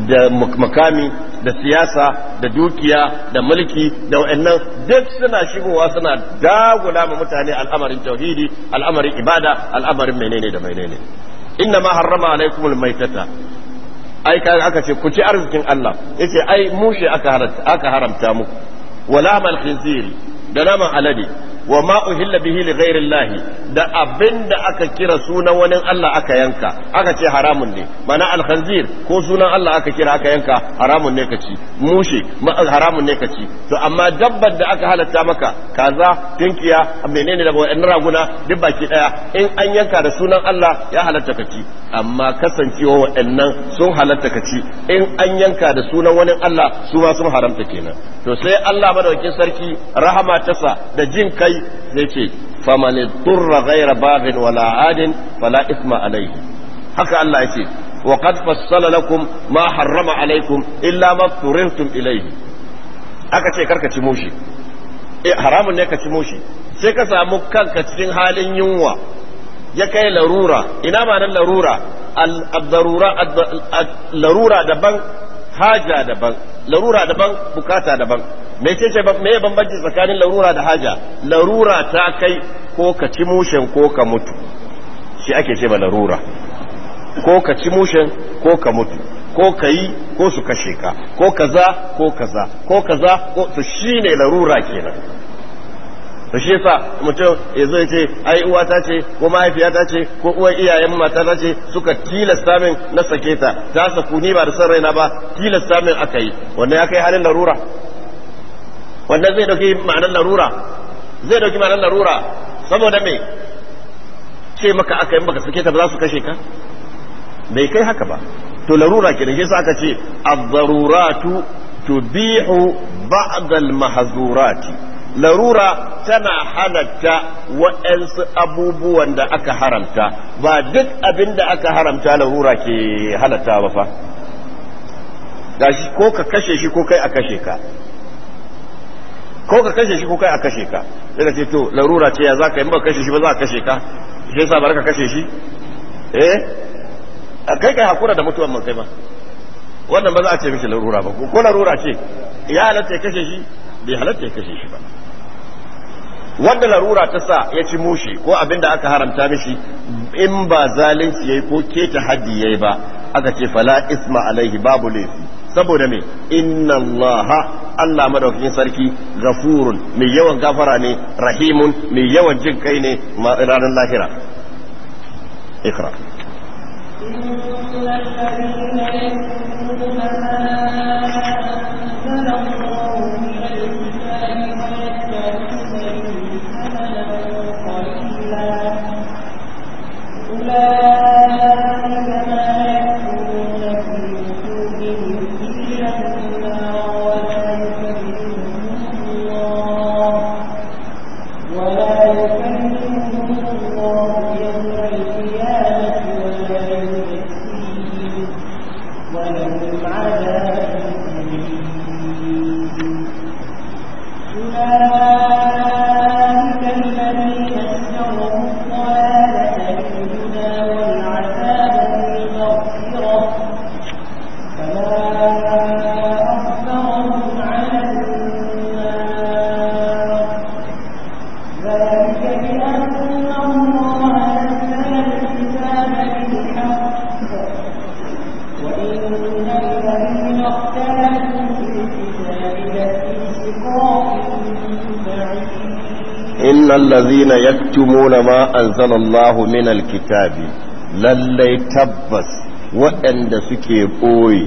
da makami da siyasa da dukiya da mulki da wa'annan duk suna shigowa suna dagula ma mutane al'amarin tauhidi al'amarin ibada al'amarin menene da menene inna ma harrama alaikumul maitata ai kan aka ce ku ci arzikin Allah yace ai mushe aka haramta aka haramta muku wala mal khinzir da naman alade wa ma uhilla bihi li Allah da abinda aka kira sunan wani Allah aka yanka aka ce haramun ne mana alkhanzir ko sunan Allah aka kira aka yanka haramun ne kaci mushe haramun ne kaci to amma dabbar da aka halatta maka kaza tinkiya menene da wa'annan raguna duk baki daya in an yanka da sunan Allah ya halatta kaci amma kasancewa waɗannan sun halatta kaci in an yanka da sunan wani Allah su ma sun haramta kenan to sai Allah madaukakin sarki rahama tasa da jin kai yayi zai ce faman durra wala adin fala isma alayhi haka Allah ya ce wa qad fassala lakum ma harrama alaykum illa ma turirtum aka ce karka ci mushi eh haramun ne ka ci mushi sai ka samu kanka cikin halin yunwa ya kai larura ina ma nan larura al-darura larura daban haja daban larura daban bukata daban me ce me bambanci tsakanin larura da haja larura ta kai ko ka ci mushen ko ka mutu shi ake ce ba larura ko ka ci mushen ko ka mutu ko ka yi ko su kashe ka ko kaza ko kaza ko kaza ko to shine larura kenan to shi yasa mutum ya zo ya ce ai uwata ce ko mahaifiyata ce ko uwar iyayen ta ce suka tilasta min na sake ta ta saku ni ba da san raina ba tilasta min aka yi wannan ya kai halin larura wannan zai dauki ma'anar larura zai dauki ma'anar larura saboda me ce maka aka yi baka sake ta ba za su kashe ka bai kai haka ba to larura kenan shi yasa aka ce ad-daruratu tubihu ba'd al-mahzurati larura tana halatta waɗansu abubuwan da aka haramta ba duk abin da aka haramta larura ke halatta ba fa gashi ko ka kashe shi ko kai a kashe ka ko ka kashe shi ko kai a kashe ka daga ce to larura ce ya za ka yi ba kashe shi ba za a kashe ka shi yasa bar ka kashe shi eh kai kai hakura da mutuwan man kai ba wannan ba za a ce mishi larura ba ko larura ce ya halatta ya kashe shi bai halatta ya kashe shi ba wanda larura ta sa ya ci mushi ko abin da aka haramta mishi in ba zalunci yayi ko keta haddi yayi ba aka ce fala isma alaihi babu laifi saboda me inna allaha Allah madaukakin sarki gafurun mai yawan gafara ne rahimun mai yawan jin kai ne ranar lahira ikra allazina yaktumuna ma anzalallahu min alkitabi lallai tabbas waɗanda suke ɓoye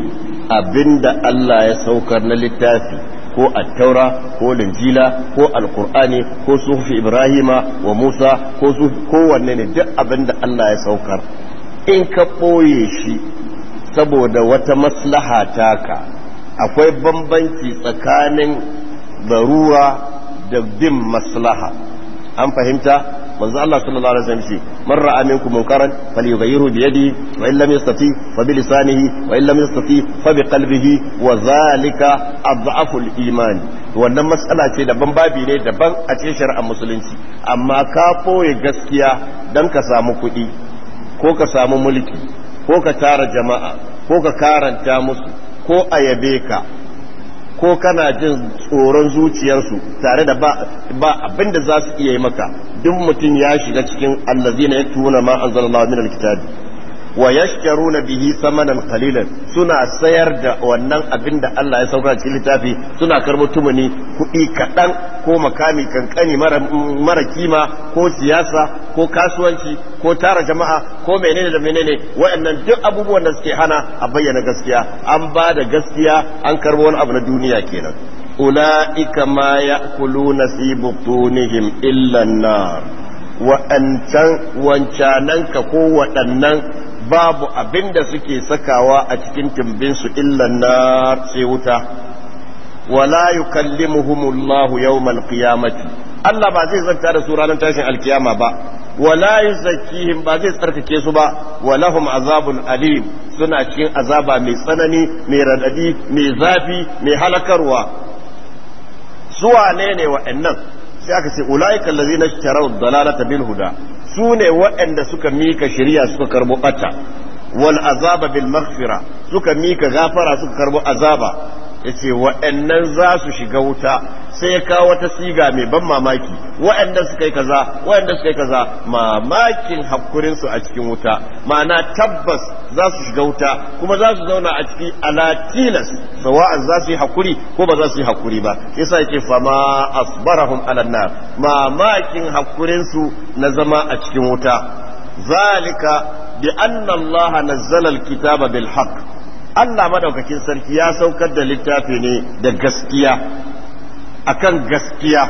abinda Allah ya saukar na littafi ko attaura ko linjila ko alkur'ani ko sufi ibrahima wa musa ko kowanne ne duk abinda Allah ya saukar in ka ɓoye shi saboda wata maslaha ka akwai bambanci tsakanin darura da bin maslaha an fahimta manzo Allah sallallahu alaihi wasallam ce man ra'a minkum munkaran falyughayyirhu bi yadihi wa illam yastati fa bi lisanihi wa illam yastati fa bi qalbihi wa zalika adhafu al-iman wannan matsala ce daban babi ne daban a cikin shari'ar musulunci amma ka koye gaskiya dan ka samu kuɗi ko ka samu mulki ko ka tara jama'a ko ka karanta musu ko a yabe ka ko kana jin tsoron zuciyarsu tare da ba abinda da za su iya yi maka duk mutum ya shiga cikin allazina ya tuna anzalallahu min alkitabi wa yashtaruna bihi samanan qalilan suna sayar da wannan abin da Allah ya sauka cikin littafi suna karbo tumani kuɗi kaɗan ko makami kankani mara, mara kima ko siyasa ko kasuwanci ko tara jama'a ko menene da menene waɗannan duk abubuwan da suke hana a bayyana gaskiya an ba da gaskiya an karbo wani abu na duniya kenan ula'ika ma ya'kuluna fi butunihim illa an-nar wa'ancan wancananka ko waɗannan babu abin da suke sakawa a cikin timbinsu illan na sai wuta wala yukallimuhumullahu yawmal qiyamati Allah ba zai zanta da su ranar tashin alkiyama ba wala yuzakkihim ba zai tsarkake su ba walahum azabun alim suna cikin azaba mai tsanani mai radadi mai zafi mai halakarwa su wane ne wa'annan sai aka ce ulaika allazina ishtaraw dalalata bil huda su ne waɗanda suka mika shari'a suka karbo bata wal azaba bil maghfira suka mika gafara suka karbo azaba yace waɗannan za su shiga wuta sai ya kawo wata siga mai ban mamaki waɗanda suka yi kaza waɗanda suka yi kaza mamakin hakurinsu a cikin wuta ma'ana tabbas za su shiga wuta kuma za su zauna a ciki alatilas tilas sawa'an za su yi hakuri ko ba za su yi hakuri ba yasa yake fama asbarahum ala nar mamakin hakurin su na zama a cikin wuta zalika bi anna allaha nazzala alkitaba bil haqq Allah madaukakin sarki ya saukar da littafi ne da gaskiya akan gaskiya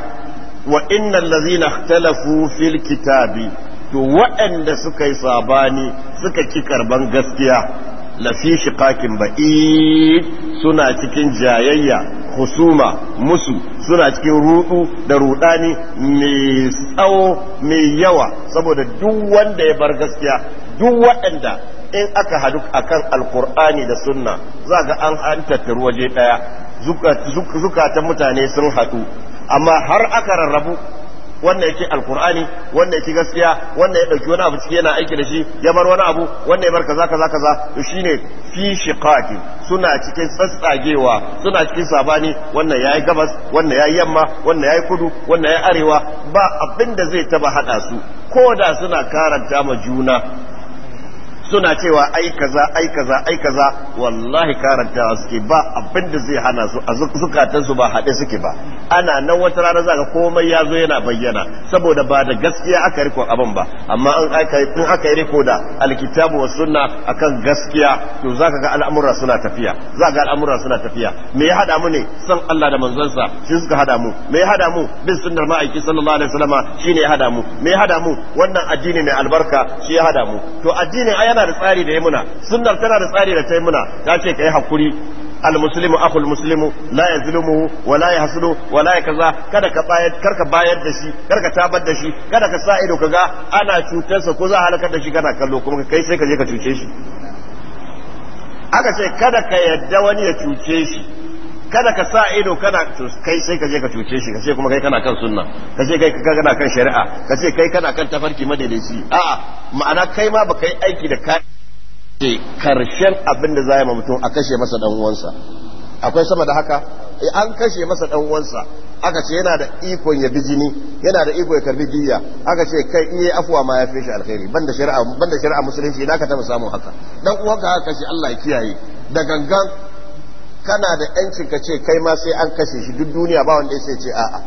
wa innal lazina ikhtalafu fil kitabi to waɗanda suka yi sabani suka ci karban gaskiya lafi shiqaqin ba'id suna cikin jayayya husuma musu suna cikin rudu da rudani mai tsawo mai yawa saboda duk wanda ya bar gaskiya duk waɗanda in aka hadu a kan alkur'ani da sunna za ga an an tattaru waje daya zukatan mutane sun haɗu amma har aka rarrabu wannan yake alkur'ani wannan yake gaskiya wannan ya ɗauki wani abu ciki yana aiki da shi ya bar wani abu wannan ya bar kaza kaza kaza to shine fi shiqaqi suna cikin tsatsagewa suna cikin sabani wannan yayi gabas wannan yayi yamma wannan yayi kudu wannan yayi arewa ba abin da zai taba hada su ko da suna karanta ma juna suna cewa ai kaza ai kaza ai kaza wallahi karanta suke ba abin da zai hana su a zukatan su ba haɗe suke ba ana nan wata rana zaka komai ya zo yana bayyana saboda ba da gaskiya aka riko abin ba amma in aka in aka riko da alkitabu suna sunna akan gaskiya to zaka ga al'amura suna tafiya zaka ga al'amura suna tafiya me ya hada mu ne san Allah da manzansa shi suka hada mu me ya hada mu bin sunnar ma'aiki sallallahu alaihi wasallama shine ya hada mu me ya hada mu wannan addini mai albarka shi ya hada mu to addinin tana da tsari da yamuna sunnar tana da tsari da taimuna ta ce kai hakuri muslimu la yazlumu wa la yahsudu wa la kaza kada ka bayar karka bayar da shi karka tabar da shi kada ka sa ido kaga ana cutar sa ko za halakar da shi kana kallo kuma kai sai ka je ka cuce shi aka ce kada ka yadda wani ya cuce shi kada ka sa ido kana kai sai ka je ka cuce shi ka ce kuma kai kana kan sunna ka ce kai kana kan shari'a ka ce kai kana kan tafarki madaidaici a'a ma'ana kai ma baka yi aiki da kai ce karshen abin da za ma mutum a kashe masa dan uwansa akwai sama da haka eh, an kashe masa dan uwansa aka ce yana da ikon ya bi jini yana da ikon ya karbi diya aka ce kai in yi afuwa ma ya fi shi alkhairi banda shari'a banda shari'a musulunci na ka taba samun haka dan uwanka haka kashe Allah ya kiyaye da gangan kana da yancin ka ce kai ma sai an kashe shi duk duniya ba wanda sai ce a'a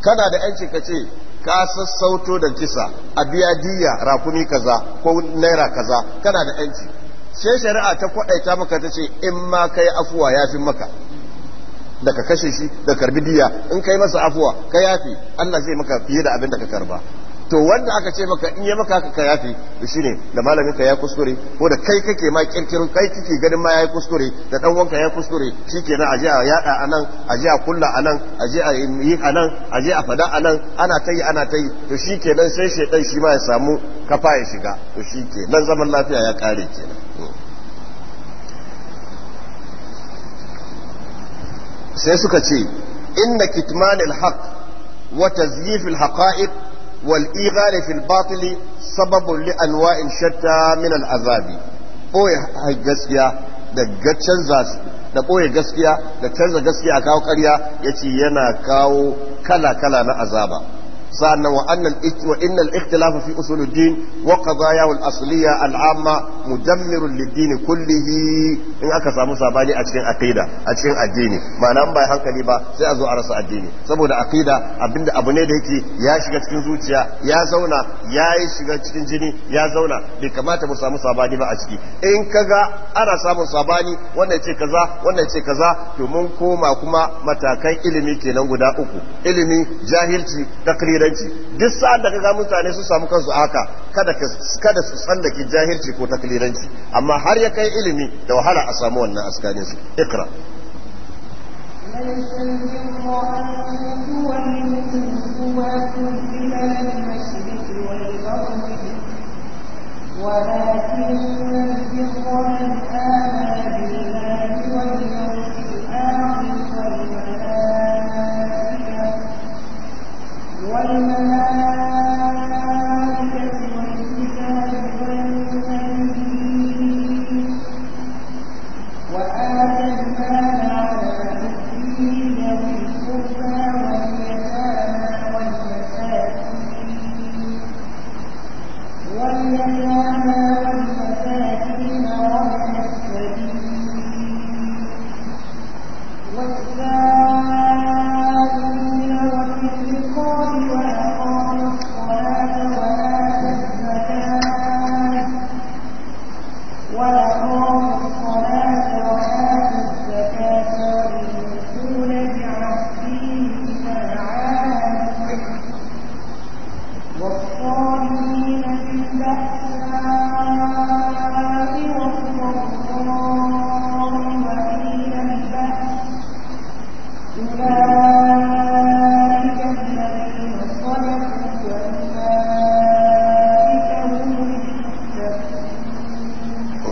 kana da yancin ka ce ka sassauto da kisa a biya diya rakumi kaza ko naira kaza kana da yanci sai shari'a ta kwadaita maka ta ce in ma kai afuwa ya fi maka da ka kashe shi da karbi diya in kai masa afuwa ka yafi Allah zai maka fiye da abin da ka karba to wanda aka ce maka in ya maka haka ka yafi to shine da malamin ka ya kuskure ko da kai kake ma kirkiro kai kike ganin ma ya yi kuskure da ɗan wanka ya kuskure shikenan aje a yada anan aje a kulla anan aje a yi anan aje a fada ana ta yi ana ta yi to shikenan sai shedan shi ma ya samu kafa ya shiga to shikenan zaman lafiya ya kare kenan sai suka ce inna kitmanil haqq wa tazyif al haqa'iq والإيغال في الباطل سبب لأنواع شتى من العذاب أوي هجسيا دقتشن زاس da ɓoye gaskiya da canza gaskiya a kawo karya ya ce yana kawo kala-kala na azaba sannan wa annal wa innal ikhtilaf fi usuluddin wa qadayahu al-asliya al-amma kullihi in aka samu sabani a cikin aqida a cikin addini ma'ana ba hankali ba sai a zo a rasa addini saboda aqida abinda abu ne da yake ya shiga cikin zuciya ya zauna ya yi shiga cikin jini ya zauna bai kamata mu samu sabani ba a ciki in kaga ana samun sabani wannan ce kaza wannan ce kaza to mun koma kuma matakan ilimi kenan guda uku ilimi jahilci takrir kabilanci duk sa'ad da kaga mutane su samu kansu haka kada kada su tsallake jahilci ko takliranci amma har ya kai ilimi da wahala a samu wannan askanin su ikra ولكن البر من آمن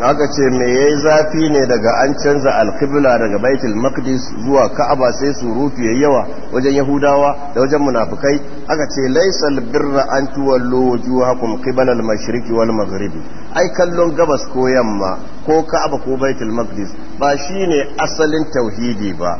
aka ce me yayi zafi ne daga an canza alkibla daga baitul maqdis zuwa ka'aba sai surutu ya yawa wajen yahudawa da wajen munafukai aka ce laisal birra an tuwallo wujuhakum qibala al-mashriqi wal maghribi ai kallon gabas ko yamma ko ka'aba ko baitul maqdis ba shine asalin tauhidi ba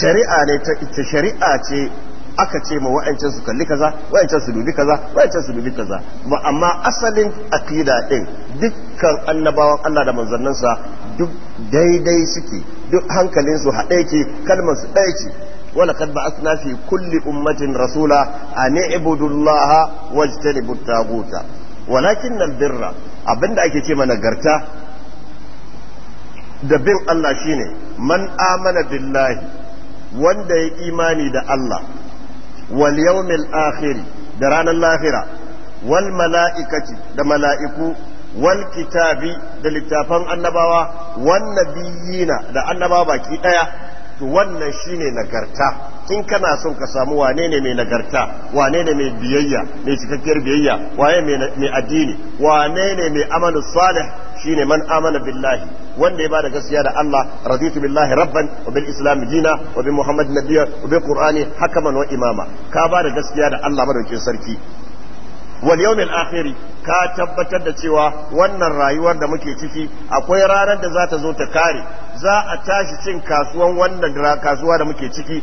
shari'a ne ta shari'a ce aka ce ma wa'ancin su kalli kaza wa'ancin su dubi kaza wa'ancin su dubi kaza ba amma asalin akida din dukkan annabawan Allah da manzannansa duk daidai suke duk hankalin su haɗe ke kalmar su ɗaya ce wala kad ba'athna fi kulli ummatin rasula an i'budu Allah wajtanibu walakin albirra abinda ake ce ma nagarta da bin Allah shine man amana billahi wanda ya imani da Allah wal yawmil akhir da ranar lahira wal mala'ikati da mala'iku wal kitabi da littafan annabawa wan nabiyina da annabawa baki daya to wannan shine nagarta in kana son ka samu wane ne mai nagarta wane ne mai biyayya mai cikakkiyar biyayya waye mai addini wane ne mai amanu salih shine man amana billahi wanda ya bada gaskiya da Allah raditu billahi rabban wa bil islam dina wa bi muhammad nabiyya wa bi qur'ani hakaman wa imama ka bada gaskiya da Allah madaukin sarki wal yawmil akhiri ka tabbatar da cewa wannan rayuwar da muke ciki akwai ranar da za ta zo ta kare za a tashi cin kasuwan wannan kasuwa da muke ciki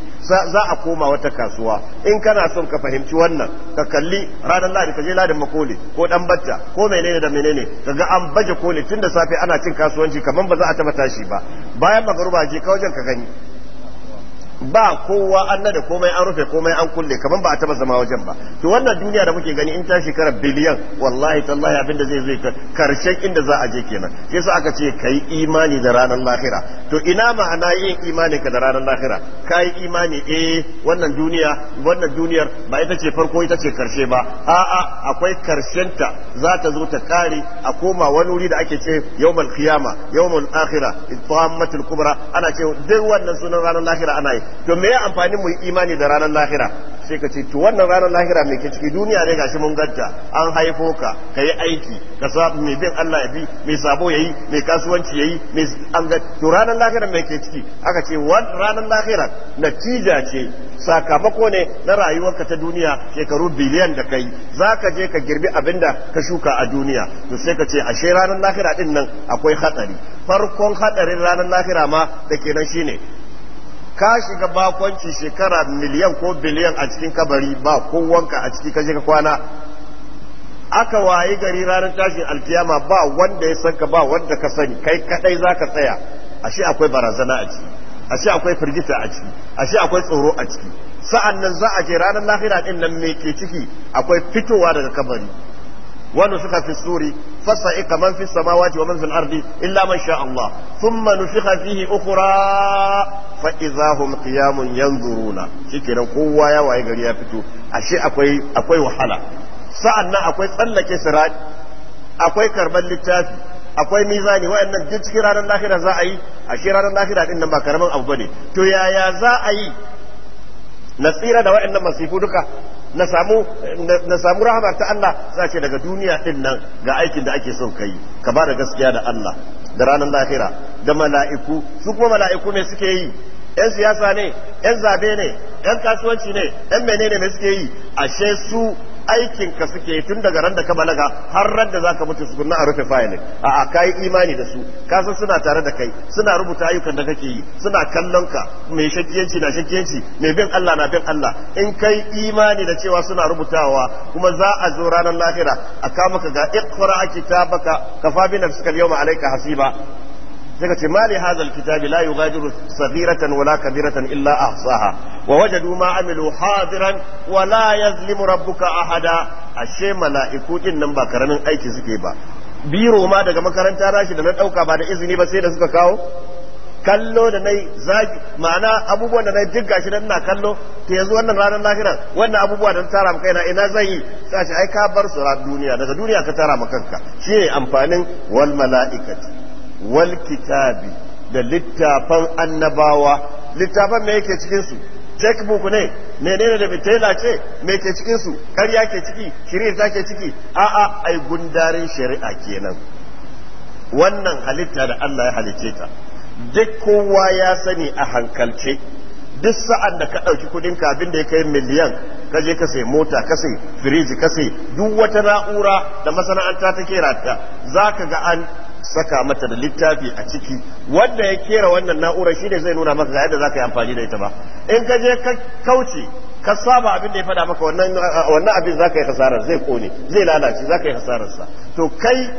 za a koma wata kasuwa in kana son ka fahimci wannan ka kalli ranar Lahadi ka je ladin makoli ko dan batta ko menene da menene kaga an baje koli tun da safe ana cin kasuwanci kaman ba za a taba tashi ba bayan magruba je ka wajen ka gani ba kowa an da komai an rufe komai an kulle kamar ba a taba zama wajen ba to wannan duniya da muke gani in ta shekara biliyan wallahi tallahi abin da zai zo karshen inda za a je kenan sai su aka ce kai imani da ranar lahira to ina ma'ana yin imani ka da ranar lahira kai imani eh wannan duniya wannan duniyar ba ita ce farko ita ce karshe ba a'a akwai karshen ta za ta zo ta kare a koma wani wuri da ake ce yawmal qiyama yawmal akhirah tammatul kubra ana ce duk wannan sunan ranar lahira ana yi to me ya amfani mu imani da ranar lahira sai ka ce to wannan ranar lahira mai ke ciki duniya ne gashi mun ganta an haifo ka ka yi aiki ka sabu mai bin Allah ya bi mai sabo yayi mai kasuwanci yayi mai an ga to ranar lahira mai ke ciki aka ce ranar lahira natija ce sakamako ne na rayuwarka ta duniya shekaru biliyan da kai ka je ka girbi abin da ka shuka a duniya to sai ka ce ashe ranar lahira din nan akwai hatsari farkon hatsarin ranar lahira ma da kenan shine ka shiga bakonci shekara miliyan ko biliyan a cikin kabari ba kowanka a ciki kaje ka kwana aka wayi gari ranar tashin alkiyama ba wanda ya san ka ba wanda ka sani kai kadai zaka tsaya ashe akwai barazana a ciki ashe akwai firgita a ciki ashe akwai tsoro a ciki sa'an nan za a je ranar lahira din nan me ke ciki akwai fitowa daga kabari ونفخ في السور فصعق من في السماوات ومن في الأرض إلا من شاء الله ثم نفخ فيه أخرى فإذا هم قيام ينظرون شكرا قوة يا وإيقر يا فتو أشيء أكوي, أكوي وحلا سألنا أكوي تسألك سراج أكوي كربان للتافي akwai mizani waɗannan duk cikin ranar lahira za a yi a shi ranar lahira din nan ba karaman abu bane to yaya za a yi na tsira da waɗannan masifu duka na samu na samu rahama ta Allah za daga duniya din nan ga aikin da ake son kai ka ba da gaskiya da Allah da ranar lahira da mala'iku su kuma mala'iku ne suke yi yan siyasa ne yan zabe ne yan kasuwanci ne yan menene ne suke yi ashe su aikin ka suke tun daga ran da ka balaga har ran da zaka mutu su a rufe fayilin a'a kai imani da su ka san suna tare da kai suna rubuta ayyukan da kake yi suna kallon ka mai shakkiyanci na shakkiyanci mai bin Allah na bin Allah in kai imani da cewa suna rubutawa kuma za a zo ranar lahira a kama ka ga iqra kitabaka kafa bi nafsika al-yawma alayka hasiba suka ce mali hazal kitabi la yughadiru saghiratan wala kabiratan illa ahsaha wa wajadu ma amilu hadiran wa la yazlimu rabbuka ahada ashe mala'iku din nan ba karamin aiki suke ba biro ma daga makaranta rashi da na dauka ba da izini ba sai da suka kawo kallo da nai zaki ma'ana abubuwan da nai duk gashi nan na kallo to yanzu wannan ranar lahira wannan abubuwa da tara maka kaina ina zan yi sai ai ka bar su duniya daga duniya ka tara maka kanka shine amfanin wal mala'ikati wal kitabi da littafan annabawa littafan me yake cikin su checkbook ne menene da bitela ce me ke cikin su ƙarya ke ciki shirita ke ciki a'a ai gundarin shari'a kenan wannan halitta da Allah ya halice ta duk kowa ya sani a hankalce duk sa'an da ka ɗauki kudin abin da ya kai miliyan ka je ka sai mota ka sai firiji ka sai duk wata na'ura da masana'anta ta kera ta za ka ga an saka mata da littafi a ciki wanda ya kera wannan na'ura shi ne zai nuna maka ga yadda za ka yi amfani da ita ba in ka je ka kauce ka saba abin da ya faɗa maka wannan uh, abin za ka yi hasarar zai kone zai lalace za ka yi hasararsa to kai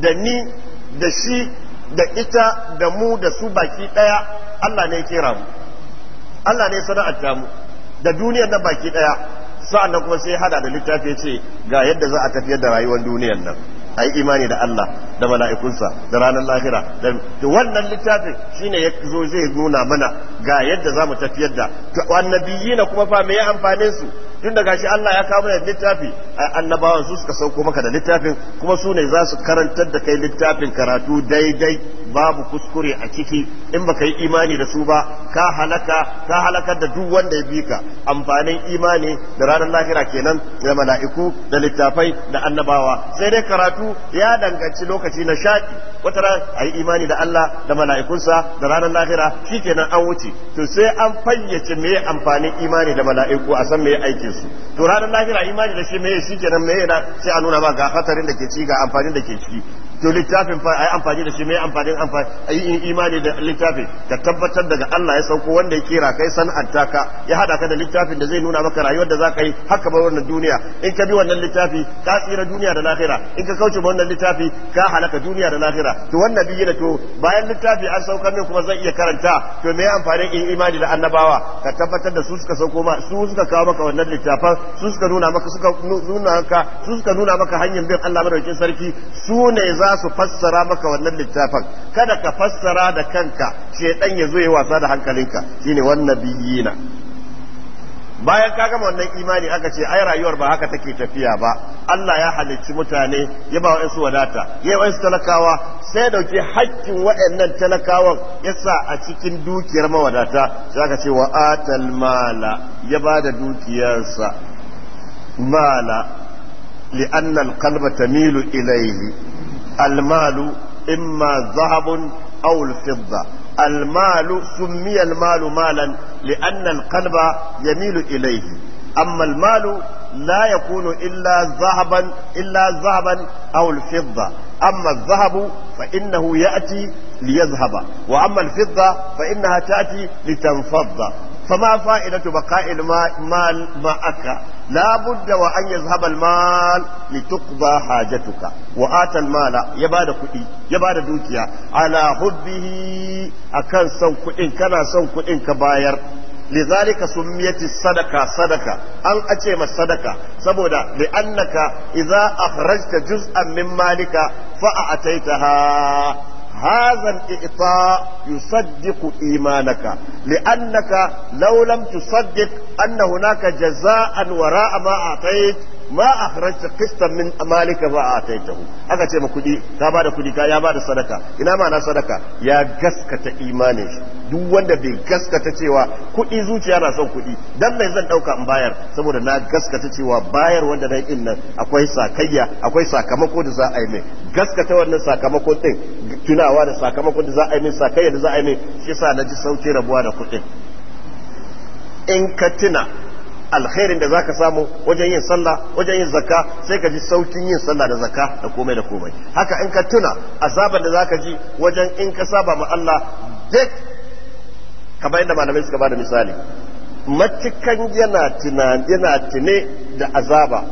da ni da shi da ita da mu da su baki ɗaya Allah ne ya kera mu Allah ne sana'ar ta mu da duniyar na baki ɗaya sa'an nan kuma sai hada da littafi ya ce ga yadda za a tafiyar da rayuwar duniyar nan a yi imani da Allah da mala'ikunsa da ranar lahira da wannan littafin shine ya zai nuna mana ga yadda zamu tafiyar da annabiyina kuma fa me ya amfanin su tun da gashi Allah ya kawo mana littafi annabawan su suka sauko maka da littafin kuma su ne za su karantar da kai littafin karatu daidai babu kuskure a ciki in baka yi imani da su ba ka halaka ka halaka da duk wanda ya bi ka amfanin imani da ranar lahira kenan da mala'iku da littafai da annabawa sai dai karatu ya danganci lokaci lokaci na shaƙi wata ran a yi imani da Allah da mala'ikunsa da ranar lahira kenan an wuce to sai an fayyace me amfanin imani da mala'iku a san me aikin su to ranar lahira imani da shi me shikenan me yana sai a nuna ma ga hatarin da ke ci ga amfanin da ke ciki to littafin fa ai amfani da shi mai amfanin amfani ai imani da littafin ka tabbatar daga Allah ya sauko wanda ya kira kai san'anta ka ya hada ka da littafin da zai nuna maka rayuwar da za ka yi haka bar wannan duniya in ka bi wannan littafi ka tsira duniya da lahira in ka kauce wannan littafi ka halaka duniya da lahira to wannan biyu da to bayan littafi an sauka min kuma zan iya karanta to mai amfanin in imani da annabawa ka tabbatar da su suka sauko ma su suka kawo maka wannan littafin su suka nuna maka suka nuna maka su suka nuna maka hanyar bin Allah madaukakin sarki su ne za za su fassara maka wannan littafin kada ka fassara da kanka shedan ya zo ya wasa da hankalinka shine wannan biyina bayan ka gama wannan imani aka ce ai rayuwar ba haka take tafiya ba Allah ya halicci mutane ya ba wa'ansu wadata ya wa'ansu talakawa sai dauke hakkin wa'annan talakawan ya sa a cikin dukiyar mawadata sai aka ce wa atal mala ya ba da dukiyarsa mala li'anna al-qalba tamilu ilayhi المال إما ذهب أو الفضة المال سمي المال مالا لأن القلب يميل إليه أما المال لا يكون إلا ذهبا إلا ذهبا أو الفضة أما الذهب فإنه يأتي ليذهب وأما الفضة فإنها تأتي لتنفض فما فائدة بقاء المال معك لا بد وأن يذهب المال لتقضى حاجتك وآت المال يباد كئي يباد دوكيا على حبه أكن سوك إن كان سوك إن كباير لذلك سميت الصدقة صدقة أن أتيم الصدقة سبودا لأنك إذا أخرجت جزءا من مالك فأعطيتها هذا الإعطاء يصدق إيمانك لأنك لو لم تصدق أن هناك جزاء وراء ما أعطيت ما أخرجت قسطا من مالك فأعطيته aka ce kudi ka ba da kuɗi ka ya ba da sadaka ina ma'ana sadaka ya gaskata imanin duk wanda bai gaskata cewa kuɗi zuciya na son kuɗi dan mai zan ɗauka in bayar saboda na gaskata cewa bayar wanda na yi nan akwai sakayya akwai sakamako da za a yi mai gaskata wannan sakamako ɗin. tunawa da sakamakon da za a yi min sakayya da za a yi min shi sa na ji sauki rabuwa da kuɗin in ka tuna alkhairin da zaka samu wajen yin sallah wajen yin zakka sai ka ji saukin yin sallah da zakka da komai da komai haka in ka tuna azaban da zaka ji wajen in ka saba ma Allah duk kamar yadda malamai suka bada misali matukan yana tunan yana tune da azaba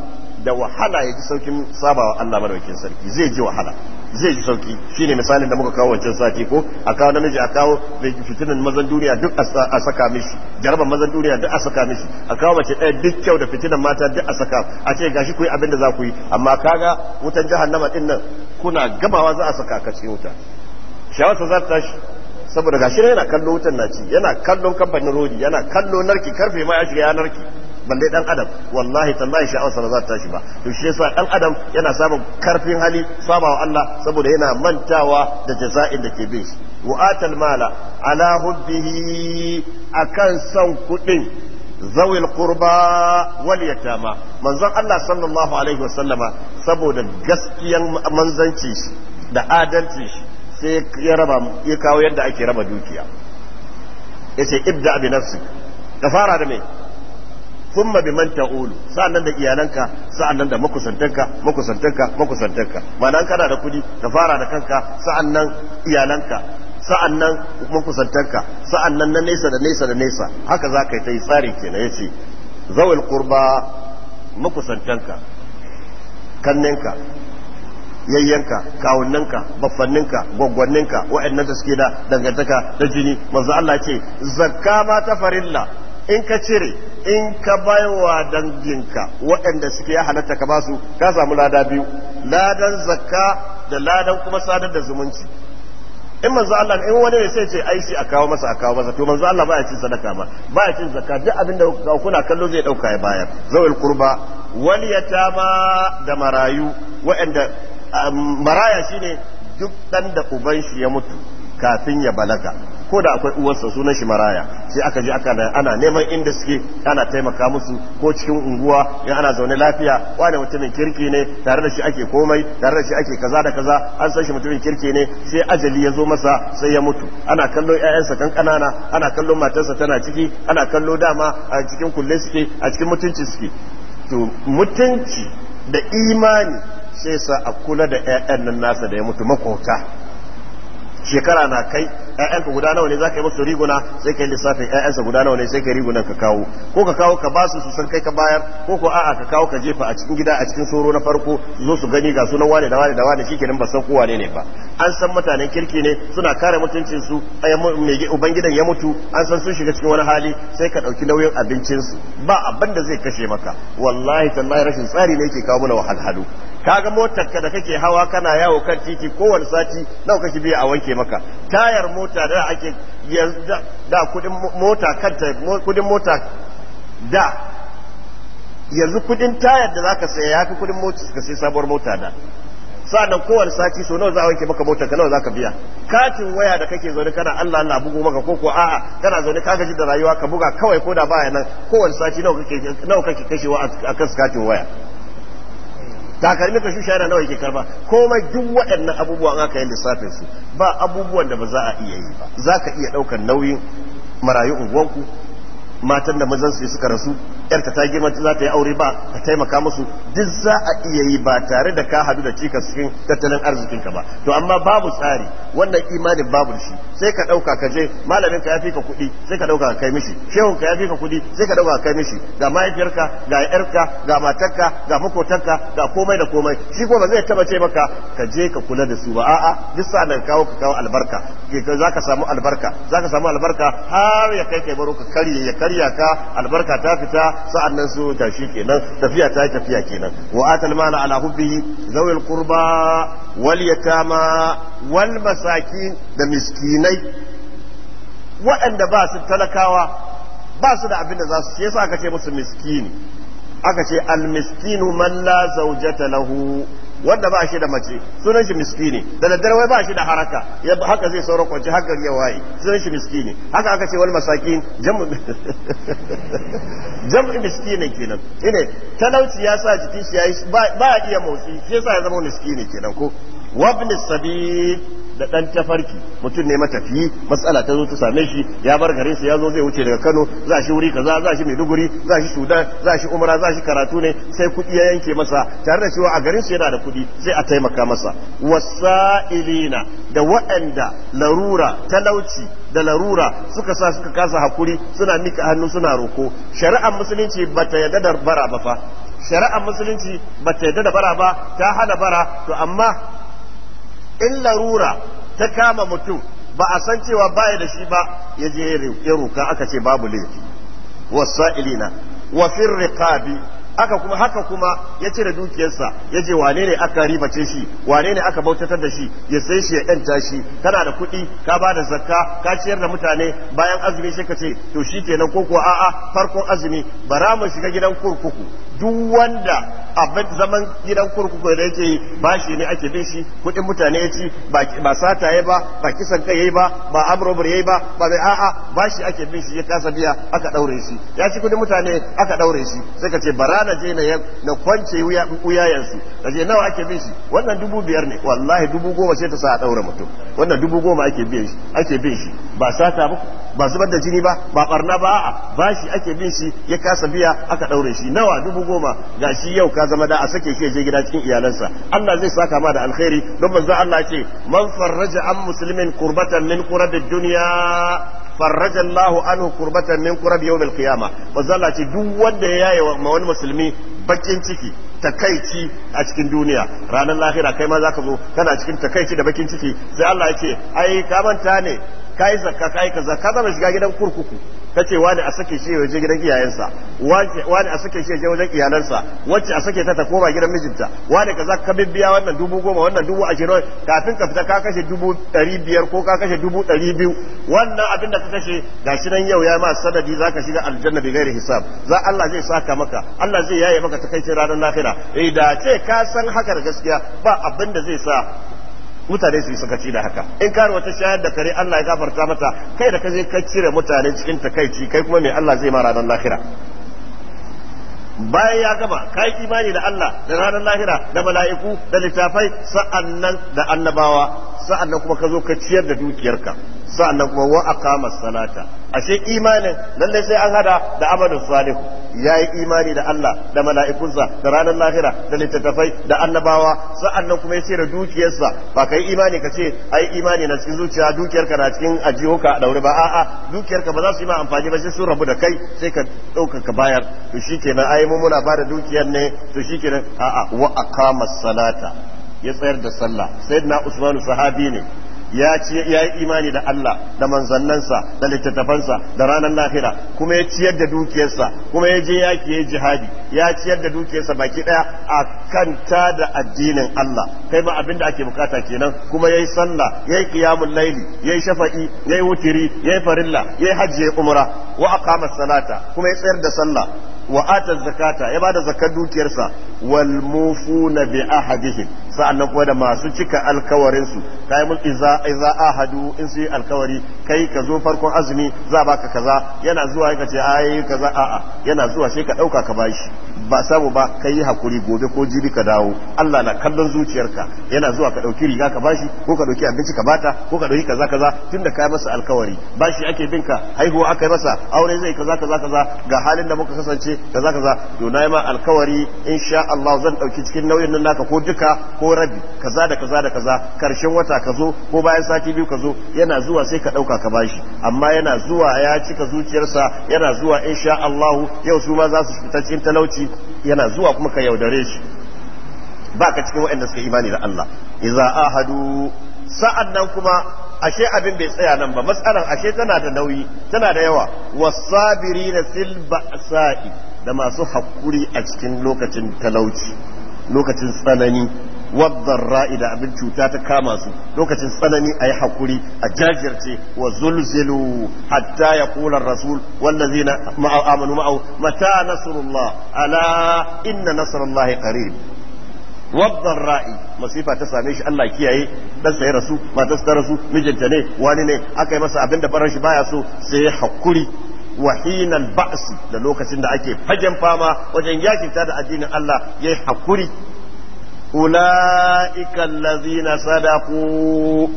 da wahala ya ji saukin sabawa Allah madaukin sarki zai ji wahala zai ji sauki shine misalin da muka kawo wancan sati ko a kawo namiji a kawo fitinan mazan duniya duk a saka mishi jaraban mazan duniya duk a saka mishi a kawo mace ɗaya duk kyau da fitinan mata duk a saka a ce gashi ku yi abin da za ku yi amma kaga wutan jahannama ɗin nan kuna gabawa za a saka ka ce wuta shawarta za ta tashi saboda gashi yana kallo wutan na ci yana kallon kamfanin rodi yana kallo narki karfe ma ya shiga ya narki balle dan adam wallahi tallahi sha'awar sa ba za ta tashi ba to shi yasa dan adam yana samun karfin hali sabawa Allah saboda yana mantawa da jaza'in da ke bin shi wa atal mala ala hubbihi akan son kuɗin ذوي القربى واليتامى منزل Allah صلى الله عليه وسلم saboda gaskiyan manzanci shi da adalci shi sai ya raba ya kawo yadda ake raba dukiya yace ibda bi nafsi ka fara da me Kuma thumma biman ta'ulu sa'annan da iyalanka sa'annan da makusantanka makusantanka makusantanka mana an kana da kudi ka fara da kanka sa'annan iyalanka sa'an nan makusantanka sa'an nan na nesa da nesa da nesa haka za ka yi ta yi tsari ke na ya ce zawal kurba makusantanka kanninka yayyanka kawunanka baffanninka gwaggwanninka wa'annan da suke da dangantaka da jini manzo Allah ce zakka ma ta farilla in ka cire in ka baiwa danginka waɗanda suke ya halatta ka basu ka samu lada biyu ladan zakka da ladan kuma sadar da zumunci in manzo Allah in wani ne sai ce ai shi a kawo masa a kawo masa to manzo Allah baya cin sadaka ba baya cin zakka duk abin da kuna kallo zai dauka ya bayar zawil qurba wal yatama da marayu waɗanda um, maraya shine duk dan da uban shi ya mutu kafin ya balaga ko da akwai uwarsa sunan shi maraya sai aka je aka ana neman inda suke ana taimaka musu ko cikin unguwa in ana zaune lafiya wani mutumin kirki ne tare da shi ake komai tare da shi ake kaza da kaza an san shi mutumin kirki ne sai ajali ya zo masa sai ya mutu ana kallo ƴaƴansa kan kanana ana kallo matarsa tana ciki ana kallo dama a cikin kulle suke a cikin mutunci suke to mutunci da imani sai sa a kula da ƴaƴan nan nasa da ya mutu makota shekara na kai ƴaƴanka guda nawa ne ka yi musu riguna sai kai lissafin ƴaƴansa guda nawa ne sai kai rigunan ka kawo ko ka kawo ka ba su su san kai ka bayar ko ko a'a ka kawo ka jefa a cikin gida a cikin soro na farko su zo su gani ga sunan wane da wane da wane shikenan ba san kowa ne ne ba an san mutanen kirki ne suna kare mutuncin su ubangidan ya mutu an san sun shiga cikin wani hali sai ka ɗauki nauyin abincin su ba abin da zai kashe maka wallahi tallahi rashin tsari ne yake kawo mana wahalhalu kaga motar ka da kake hawa kana yawo kan titi kowane sati nawa kake biya a wanke maka tayar mota da ake da kudin mota kanta kudin mota da yanzu kudin tayar da zaka saya yafi kudin mota ka sai sabuwar mota da sa'annan kowane sati so nawa za a wanke maka motar ka nawa zaka biya katin waya da kake zaune kana Allah Allah bugu maka ko ko a'a kana zaune ka gaji da rayuwa ka buga kawai ko da baya nan kowane sati nawa kake nawa kake kashewa akan katin waya takalmin ka shusha yana nawa yake karba komai duk waɗannan abubuwan aka yi lissafin su ba abubuwan da ba za a iya yi ba za ka iya ɗaukar nauyin marayu unguwanku matan da mazan su suka rasu yarka ta girma za ta yi aure ba ta taimaka musu duk za a iya yi ba tare da ka hadu da cikas cikin tattalin arzikin ka ba to amma babu tsari wannan imanin babu shi sai ka dauka ka je malamin ka ya fika ka kuɗi sai ka dauka ka kai mishi shehun ka ya fika ka kuɗi sai ka dauka ka kai mishi ga mahaifiyarka ga yarka ga matarka ga ka ga komai da komai shi ko ba zai taba ce maka ka je ka kula da su ba a'a duk sa'an kawo ka kawo albarka zaka samu albarka zaka samu albarka har ya kai kai baro ka karya ya karya ka albarka ta fita sa'an nan su tashi kenan tafiya ta yi tafiya kenan wa atal mala ala hubbihi zawil qurba wal yatama wal masakin da miskinai waɗanda ba su talakawa ba su da abin da za su yasa aka ce musu miskini aka ce al miskinu man la zawjata lahu wanda ba shi da mace sunan shi miskini da daddare wai ba shi da haraka haka zai sauran kwanci haka ya waye sunan shi miskini haka aka ce wal masakin jam'u jam'u miskini kenan ine talauci ya sa jikin shi yayi ba iya motsi shi yasa ya zama miskini kenan ko wabni sabil da dan tafarki mutum ne matafiyi matsala ta zo ta same shi ya bar garin sa ya zo zai wuce daga Kano za shi wuri kaza za shi Maiduguri za shi Sudan za shi Umra za shi karatu ne sai kuɗi ya yanke masa tare da cewa a garin sa yana da kuɗi sai a taimaka masa wasailina da waɗanda larura talauci da larura suka sa suka kasa hakuri suna mika hannu suna roko shari'ar musulunci bata yarda da bara ba fa shari'ar musulunci bata yarda da bara ba ta hana bara to amma in larura ta kama mutum ba a san cewa baya da shi ba ya je ya roka aka ce babu laifi wasa'ilina wa fir riqabi aka kuma haka kuma ya cire dukiyarsa ya je wane ne aka ribace shi wane ne aka bautatar da shi ya sai shi ya yanta shi kana da kuɗi ka ba da zakka ka ciyar da mutane bayan azumi sai ka ce to shi kenan ko kuwa a'a farkon azumi bara mu shiga gidan kurkuku duk wanda abin zaman gidan kurkuku da yake ba bashi ne ake bin shi kuɗin mutane ya ci ba sata ya ba ba kisan kai yai ba ba amrobar ya ba ba bai a'a bashi ake bin shi ya kasa biya aka daure shi ya ci kuɗin mutane aka daure shi sai ka ce bara na je na kwance wuyayensu. su ka nawa ake bin shi wannan dubu biyar ne wallahi dubu goma sai ta sa a daure mutum wannan dubu goma ake bin shi ba sata ba ba zubar da jini ba ba barna ba ba bashi ake bin shi ya kasa biya aka daure shi nawa dubu goma ga shi yau ka zama da a sake shi je gida cikin iyalansa Allah zai saka ma da alkhairi don manzo Allah ce man farraja an muslimin qurbatan min quradid dunya farraja Allah anhu qurbatan min qurab yawm al-qiyamah manzo Allah ce duk wanda ya yaye wa wani musulmi bakin ciki takaici a cikin duniya ranar lahira kai ma za ka zo kana cikin takaici da bakin ciki sai Allah ya ce ai ka manta ne kai zakka kai kaza ka zama shiga gidan kurkuku ce wani a sake shi waje gidan iyayensa wani a sake shi wajen iyalansa wacce a sake ta ta koma gidan mijinta wani ka za ka bibbiya wannan dubu goma wannan dubu ashirin kafin ka fita ka kashe dubu ɗari biyar ko ka kashe dubu ɗari biyu wannan abin da ka kashe shi nan yau ya ma sanadi za ka shiga aljanna bi gairi hisab za Allah zai saka maka Allah zai yaye maka takaicin ranar lahira eh da ce ka san haka da gaskiya ba abin da zai sa mutane su yi sakaci da haka in kare wata shayar da kare Allah ya gafarta mata kai da ka je ka cire mutane cikin takaici kai kuma mai Allah zai ma ranar lahira bayan ya gama ka yi imani da Allah da ranar lahira da mala'iku da littafai sa'annan da annabawa sa'annan kuma ka zo ka ciyar da dukiyarka sannan kuma wa aqama salata ashe imanin lalle sai an hada da amalin salihu yayi imani da Allah da mala'ikunsa da ranar lahira da littattafai da annabawa sa'annan kuma ya ce da dukiyarsa ba yi imani ka ce ai imani na cikin zuciya dukiyarka na cikin ajiyoka a daure ba a'a dukiyarka ba za su yi ma amfani ba sai sun rabu da kai sai ka ɗaukaka ka bayar to shikenan ai mu muna bada dukiyar ne to shikenan a'a wa aqama ya tsayar da sallah sayyidina usmanu sahabi ne ya ci ya yi imani da Allah da manzannansa da littattafansa da ranar lahira kuma ya ciyar da dukiyarsa kuma ya je yaki ya jihadi ya ciyar da dukiyarsa baki daya a ta da addinin Allah kai ma abin da ake bukata kenan kuma yayi sallah yayi qiyamul laili yayi shafa'i yayi wutiri yayi farilla yayi hajji yayi umra wa aqama salata kuma ya tsayar da sallah wa ata zakata ya bada zakar dukiyarsa wal mufuna bi ahadihim sa'annan kuma da masu cika alkawarin su kai mun iza iza ahadu in su yi alkawari kai ka zo farkon azumi za baka kaza yana zuwa ka ce ai kaza a'a yana zuwa sai ka dauka ka bashi ba samu ba ka yi hakuri gobe ko jibi ka dawo Allah na kallon zuciyarka yana zuwa ka dauki riga ka bashi ko ka dauki abinci ka bata ko ka dauki kaza kaza tunda kai masa alkawari bashi ake bin ka haihuwa aka yi masa aure zai kaza kaza kaza ga halin da muka kasance kaza kaza to na yi ma alkawari insha Allah zan dauki cikin nauyin nan naka ko duka ko ko rabi kaza da kaza da kaza karshen wata kazo ko bayan sati biyu ka zo yana zuwa sai ka ɗauka ka bashi amma yana zuwa ya cika zuciyarsa yana zuwa insha Allahu yau su ma za su fita cikin talauci yana zuwa kuma ka yaudare shi ba ka cikin waɗanda suka imani da Allah idza ahadu sa'an nan kuma ashe abin bai tsaya nan ba matsalar ashe tana da nauyi tana da yawa wasabiri fil ba'sa'i da masu hakuri a cikin lokacin talauci lokacin tsanani wadda da abin cuta ta kama su lokacin tsanani a yi haƙuri a jajirce wa zulzilu hatta ya kula rasul wallazi na ma'amanu ma'au mata nasarullah ala inna nasarullahi qarib wadda ra'i masifa ta same shi Allah kiyaye dan sai rasu matarsa ta rasu mijinta ne wani ne aka yi masa abin da farar shi baya so sai haƙuri wahinan ba'si da lokacin da ake fagen fama wajen yakinta da addinin Allah yayi hakuri ula'ika allazina sadaqu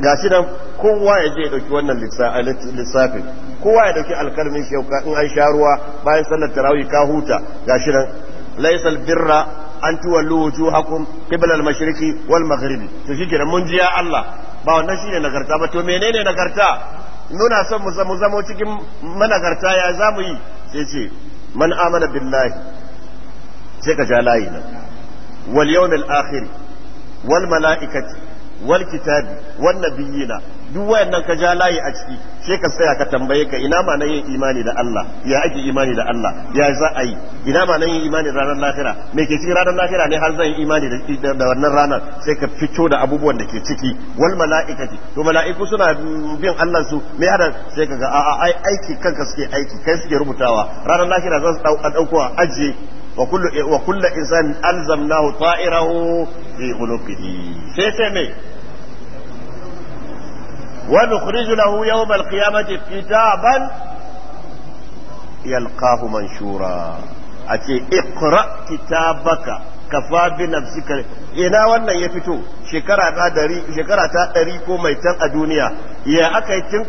gashi nan kowa ya je ya dauki wannan lissafin kowa ya ɗauki alkalmin shauka in an sha ruwa bayan sallar tarawih ka huta shi nan laysal birra an tuwallu wujuhakum qibla al-mashriqi wal maghribi to shi kenan mun ji Allah ba wannan shine nagarta ba to menene nagarta nuna son mu zamo cikin managarta ya zamu yi sai ce man amana billahi sai ka ja layi nan wal yawmil akhir wal mala'ikati wal kitabi wan biyina duk wayannan ka ja layi a ciki sai ka tsaya ka tambaye ka ina ma yin imani da Allah ya ake imani da Allah ya za a yi ina ma yin imani da ranar lahira me ke cikin ranar lahira ne har zan yi imani da wannan ranar sai ka fito da abubuwan da ke ciki wal mala'ikati to mala'iku suna bin Allah su me hada sai ka ga a'a ai aiki kanka suke aiki kai suke rubutawa ranar lahira za su dauko a ajiye wa kullu wa kullu insan alzamnahu ta'irahu fi qulubihi sai sai me wa nukhriju lahu yawm alqiyamati kitaban yalqahu manshura a ce iqra kitabaka kafa bi nafsika ina wannan ya fito shekara ta dari shekara ta dari ko mai tan a duniya ya aka yi tun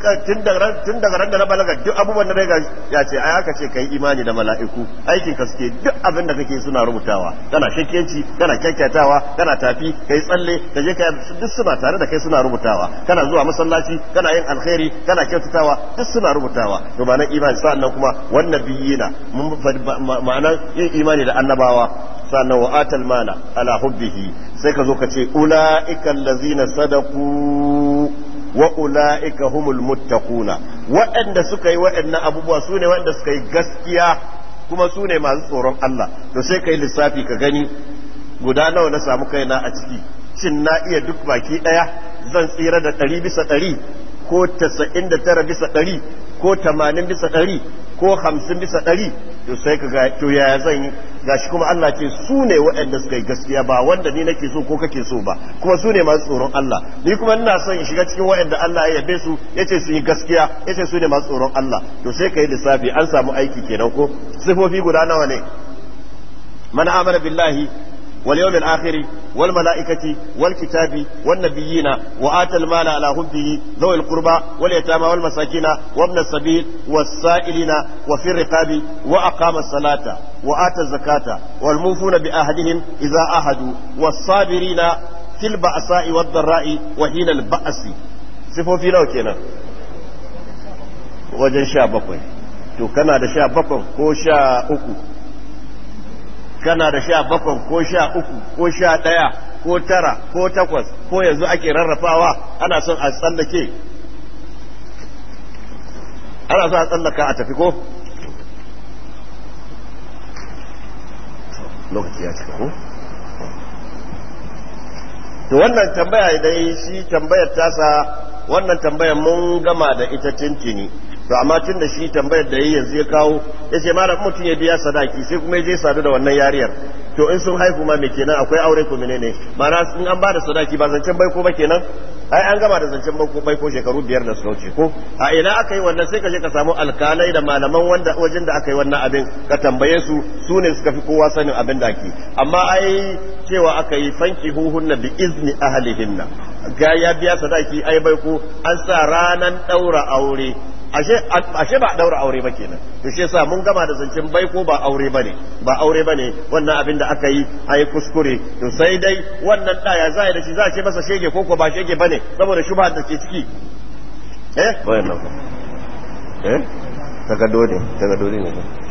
daga tun daga ran da na balaga duk abubuwan da ga ya ce ai aka ce kai imani da mala'iku aikin ka suke duk abin da kake suna rubutawa kana shakkenci kana kyakkyatawa kana tafi kai tsalle ka je duk suna tare da kai suna rubutawa kana zuwa masallaci kana yin alkhairi kana kyautatawa duk suna rubutawa to ba na imani sa'annan kuma wannan biyina mun ma'ana yin imani da annabawa sannan wa atal mala ala hubbihi sai ka zo ka ce ula'ika allazina sadaku wa ula'ika humul muttaquna waɗanda suka yi waɗannan abubuwa su ne waɗanda suka yi gaskiya kuma su ne masu tsoron Allah to sai ka yi lissafi ka gani guda nawa na samu kaina a ciki shin na iya duk baki ɗaya zan tsira da ɗari bisa ɗari ko tasa'in da tara bisa ɗari ko tamanin bisa ɗari ko hamsin bisa ɗari to sai ka ga to yaya zan yi gashi kuma Allah ce su ne waɗanda suka yi gaskiya ba wanda ni nake so ko kake so ba kuma su ne masu tsoron Allah ni kuma ina son in shiga cikin waɗanda Allah ya yabe su yace su yi gaskiya yace su ne masu tsoron Allah to sai ka yi lissafi an samu aiki kenan ko sifofi guda nawa ne man amana billahi واليوم الآخر والملائكة والكتاب والنبيين وآتى المال على حبه ذوي القربى واليتامى والمساكين وابن السبيل والسائلين وفي الرقاب وأقام الصلاة وآتى الزكاة والموفون بأهدهم إذا أهدوا والصابرين في البأساء والضراء وحين البأس سفو في نوكينا وجن شابقين to kana da sha bakwai ko sha uku kana da sha bakwai ko sha uku ko sha ɗaya ko tara ko takwas ko yanzu ake rarrafawa ana son a tsallake ana son a tsallaka a tafi ko lokaci ya cika ko to wannan tambaya dai shi tambayar tasa wannan tambayar mun gama da ita tintini to amma tun da shi tambayar da yayi yanzu ya kawo ya ce malam mutum ya biya sadaki sai kuma ya je sadu da wannan yariyar to in sun haihu ma me kenan akwai aure ko menene ma'ana in an bada sadaki ba zancen baiko ba kenan ai an gama da zancen baiko baiko shekaru biyar da su wuce ko a ina aka yi wannan sai ka je ka samu alkalai da malaman wanda wajen da aka yi wannan abin ka tambaye su su ne suka fi kowa sanin abin da ake amma ai cewa aka yi fanki huhunna bi izni ahlihinna ga ya biya sadaki ai baiko an sa ranan daura aure ashe ba daura aure ba kenan to shi yasa mun gama da zancen bai ko ba aure bane ba aure bane wannan abin da aka yi ai kuskure to sai dai wannan da ya zai da shi za a ce masa shege ko ko ba shege bane saboda shubha da ke ciki eh wayan daga eh daga tagadodi ne